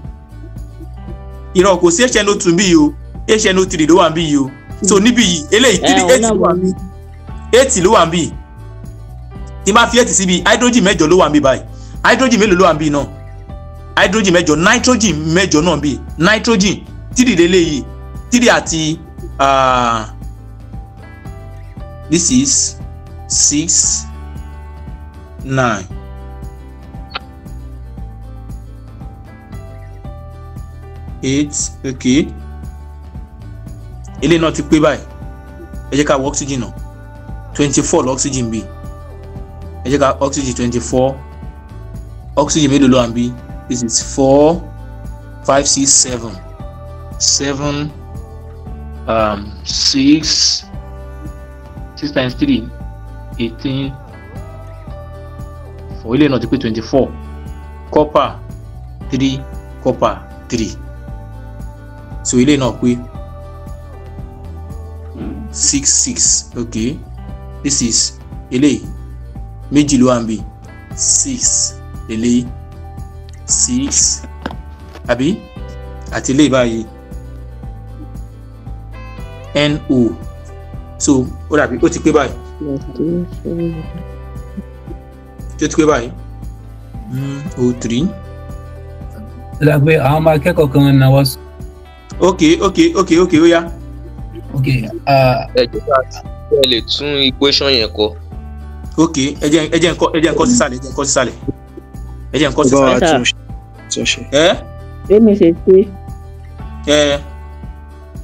ìran kò sí hno two bí yìí o hno three ló wà bí yìí o so níbí yìí eléyìí three eh, eight ló wà bí eight ló wà bí tí bá fi eight síbi hydrogen mẹ́jọ ló wà bí báyìí hydrogen mélòó ló wà bí náà hydrogen mẹ́jọ nitrogen mẹ́jọ náà bí nitrogen three lélẹ́yìí three àti uh, this is six nine eight okay eléyìí náà ti pé báyìí ẹ jẹ́ ká wọ oxygen náà twenty four lọ oxygen bí ẹ jẹ́ ká oxygen twenty four oxygen mélòó ló wà this is four five six seven seven um, six six times three eighteen four eléyìí náà ti pé twenty four copper three copper three so ilé náà pé six six ok this is eléyìí méjì ló wà níbí six eléyìí six àbí àti eléyìí báyìí no so ó dàbí ó ti pé báyìí tí ó ti pé báyìí hmm, o three. lágbé àwọn ọmọ akẹ́kọ̀ọ́ kan náwó sọ ok ok ok ok ó yá. ok uh, ẹ jẹ́ ká ẹ lè tún equation yẹn kọ. ok ẹ jẹ́ ẹ jẹ́ nǹkan ẹ jẹ́ nǹkan sísàlẹ̀ ẹ jẹ́ nǹkan sísàlẹ̀ ẹ jẹ́ nǹkan sísàlẹ̀. ẹ. bí mi ṣe ṣe. ẹ.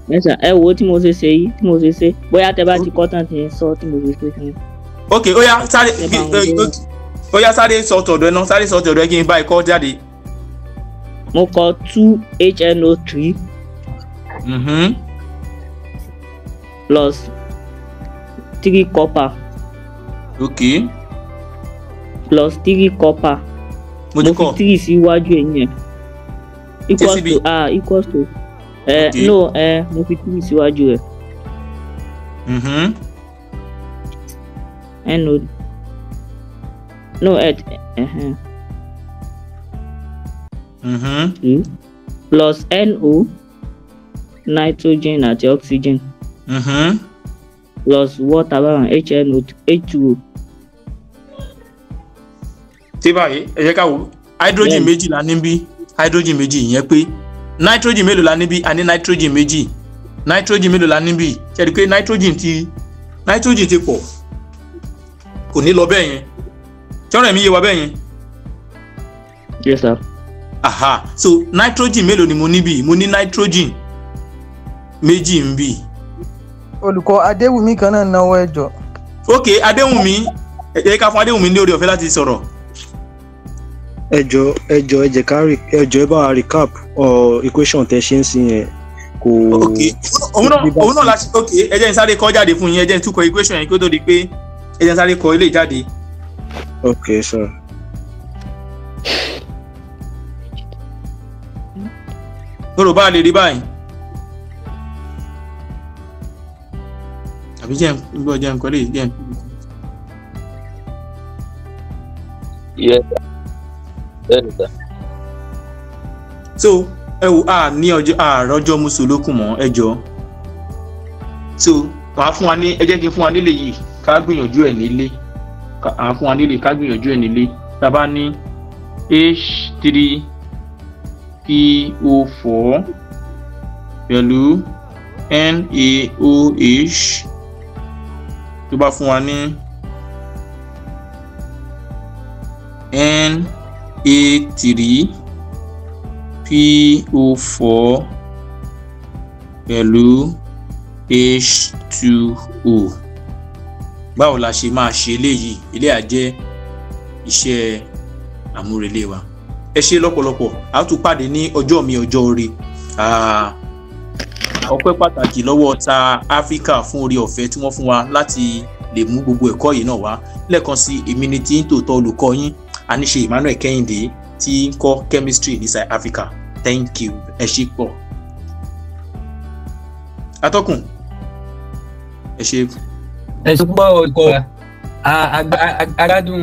mẹ́sàn ẹ wo tí mo ṣe ṣe yìí tí mo ṣe ṣe bóyá tẹ bá ti kọ́ tán ti sọ tí mo ṣe ṣe fún mi. ok ó yá sáré ó yá sáré sọ tọ̀dọ̀ ẹ náà sáré sọ tọ̀dọ̀ ẹ kí n bá ẹ kọ́ jáde. mo kọ two hno three Uh mm-hmm. huh. Plus three copper. Okay. Plus three copper. Mo fi three síwájú ẹ̀yìn ẹ̀. Equals to ah equals to eh, okay. no eh, mo fi three síwájú ẹ̀. Mm-hmm. No no ẹ̀ uh-huh. mm-hmm. mm? plus no nitrogen àti oxygen. Uh mm-hmm. huh. plus water báwọn HNO H2O. tí báyìí ẹ jẹ́ ká wò hydrogen méjì la níbí hydrogen méjì ìyẹn pé nitrogen mélòó la níbí a ní nitrogen méjì nitrogen mélòó la níbí ṣe é pé nitrogen ti nitrogen ti pọ̀ kò ní lọ bẹ́ẹ̀ yẹn tọ́rọ̀ mi yé wa bẹ́ẹ̀ yẹn. yes sir. aha so nitrogen mélòó ni mo níbí mo ní nitrogen méjì ń bì. olùkọ́ adéwùmí kan náà náwó ẹ̀jọ̀. ok adéwùmí ẹ jẹ́ ká fún adéwùmí ní orí ọ̀fẹ́ láti sọ̀rọ̀. ẹ jọ ẹ jọ ẹ jẹ́ ká ẹ jọ ẹ bá wa recap equation tẹ ṣe ń sin yẹn kò. ok òun náà òun náà láti ok ẹ jẹ́ n sáré kọ jáde fún yín ẹ jẹ́ n tún kọ equation yẹn kí ó tó di pé ẹ jẹ́ n sáré kọ ilé jáde. ok sir. So. yorùbá lè rí báyìí. àbí jẹ́ gbọ́ jẹ́ nǹkan lè jẹ́ nǹkan. so ẹ wò a ní ọjọ́ àrọ́jọ́ mùsùlùkùn mọ́ ẹ jọ so màá fún wa ní ẹ jẹ́ kí n fún wa nílé yìí ká gbìyànjú ẹ̀ nílé à ń fún wa nílé ká gbìyànjú ẹ̀ nílé tá a bá ní h three p o four pẹ̀lú n a o h tó bá fún wa ní n a three p o four pẹ̀lú h two o báwo la ṣe máa ṣe eléyìí eléyà jẹ́ iṣẹ́ àmúrelé wa ẹ ṣé lọ́pọ̀lọpọ̀ a tún pàdé ní ọjọ́ mi ọjọ́ orí. Uh, ọpẹ́ pàtàkì lọ́wọ́ ta áfíríkà fún orí ọ̀fẹ́ tí wọ́n fún wa láti lè mú gbogbo ẹ̀kọ́ yìí náà wá lẹ́ẹ̀kan sí èmi ni tí ń tòótọ́ olùkọ́ yín àníṣe Emmanuel Kẹ́hìndé tí ń kọ́ chemistry ní South Africa thank you ẹ ṣé pọ̀. atọ́kùn ẹ ṣé. ẹ ṣe púpọ̀ olùkọ́ wa agbádùn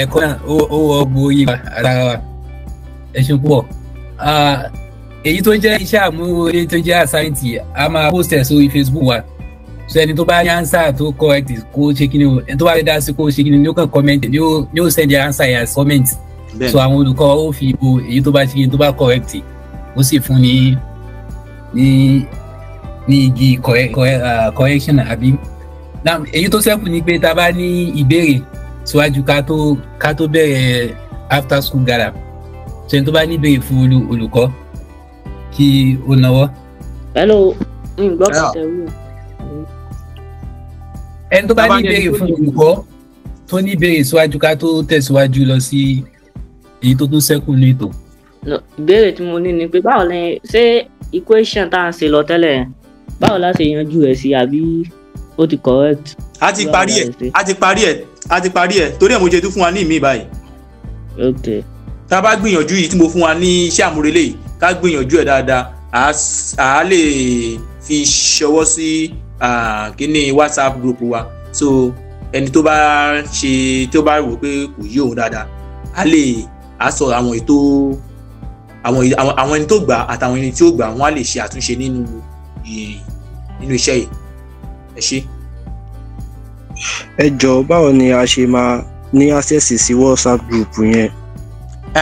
ẹ̀kọ́ náà ó ọgbó yìí wa ara wa ẹ ṣe púpọ̀ èyí tó jẹ́ iṣẹ́ àmúwọlé tó jẹ́ àsáǹtì a máa post ẹ̀ sórí facebook wa so ẹni tó bá ní ansa tó correct kó ṣe kí ni o ẹni tó bá fẹ́ dá sí kó ṣe kí ni ni ó kàn comment ni ó ni ó send your answer as comment so àwọn olùkọ́ ó fi ibo èyí tó bá ṣe kí ni tó bá correct ó sì fún ní ní ní igi correction àbí èyí tó ṣẹ́kù ni pé tá a bá ní ìbéèrè síwájú ká tó ká tó bẹ̀rẹ̀ after school gala so ẹni tó bá ní ìbéèrè fún olùkọ́ kí ó náwó. hello ǹgbọ́ kẹtẹ wù. ẹni tó bá ní ìbéèrè fún olùkọ́ tó ní ìbéèrè síwájú ká tó tẹ̀síwájú lọ sí èyí tó tún ṣẹ́kù ní ètò. ìbéèrè tí mo ní ni pé báwo lẹ́yìn ṣé equation tá à ń ṣe lọ tẹ́lẹ̀ báwo la ṣe yanjú ẹ̀ sí àbí ó ti correct. a ti parí ẹ a ti parí ẹ a ti parí ẹ torí ẹ mo ṣe tún fún wa ní ìmí báyìí. ok. tá a bá gbìyànjú yìí tí mo fún wa ní iṣẹ́ àmúrelé yìí ká gbìyànjú ẹ̀ dáadáa àá lè fi ṣọwọ́ sí kíní whatsapp group wa so ẹni tó bá ṣe tó bá rò pé kò yí òun dáadáa á lè á sọ àwọn ètò àwọn àwọn ẹni tó gbà àtàwọn ẹni tí ó gbà wọn á lè ṣe àtúnṣe nínú nínú iṣẹ́ yìí ẹ ṣé. ẹ jọ báwo ni a ṣe máa ní access sí whatsapp group yẹn.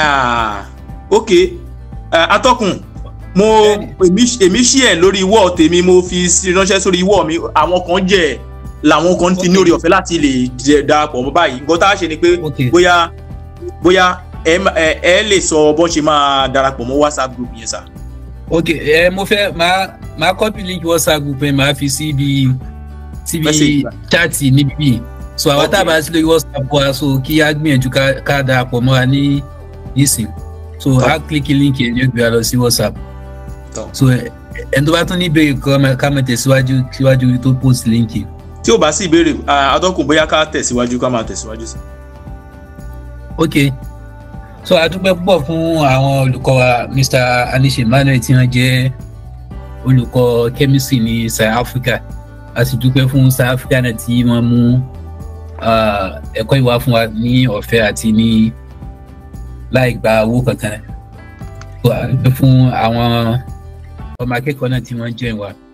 Ah, ok atọ́kùn mo èmi ṣí ẹ̀ lórí wọ́ọ̀ tèmi mo fi ránṣẹ́ sórí wọ́ọ̀ mi àwọn kan jẹ́ ẹ̀ làwọn kan ti ní orí ọ̀fẹ́ láti lè darapọ̀ mọ́ báyìí nǹkan tá a ṣe ni pé bóyá bóyá ẹ lè sọ bọ́n ṣe máa darapọ̀ mọ́ whatsapp group yẹn sà. ok ẹ mo fẹ́ máa máa copy link whatsapp group yẹn máa fi síbi síbi chaati níbí so àwọn tá a bá sí lórí whatsapp wa so kí á gbìyànjú ká darapọ̀ mọ́ra ní ìsìn so a kílíkì líǹkì ẹ̀ ní ó gbéra lọ sí whatsapp so ẹni tó bá tún ní ìbéèrè kan ká máa tẹ̀síwájú síwájú tó post líǹkì. tí ò bá sí ìbéèrè atọ́kùn bóyá ká tẹ̀síwájú ká máa tẹ̀síwájú sí. ok so a dúpẹ́ púpọ̀ fún àwọn olùkọ́ wa Mr. Anish Emmanuel tí wọ́n jẹ́ olùkọ́ chemistry ní South Africa a sì dúpẹ́ fún South Africa náà tí wọ́n mú ẹ̀kọ́ ìwà fún wa ní ọ̀fẹ́ àti ní. Uh, láì gba owó kankan fún àwọn ọmọ akẹ́kọ̀ọ́ náà tí wọ́n jẹ́ ìwà.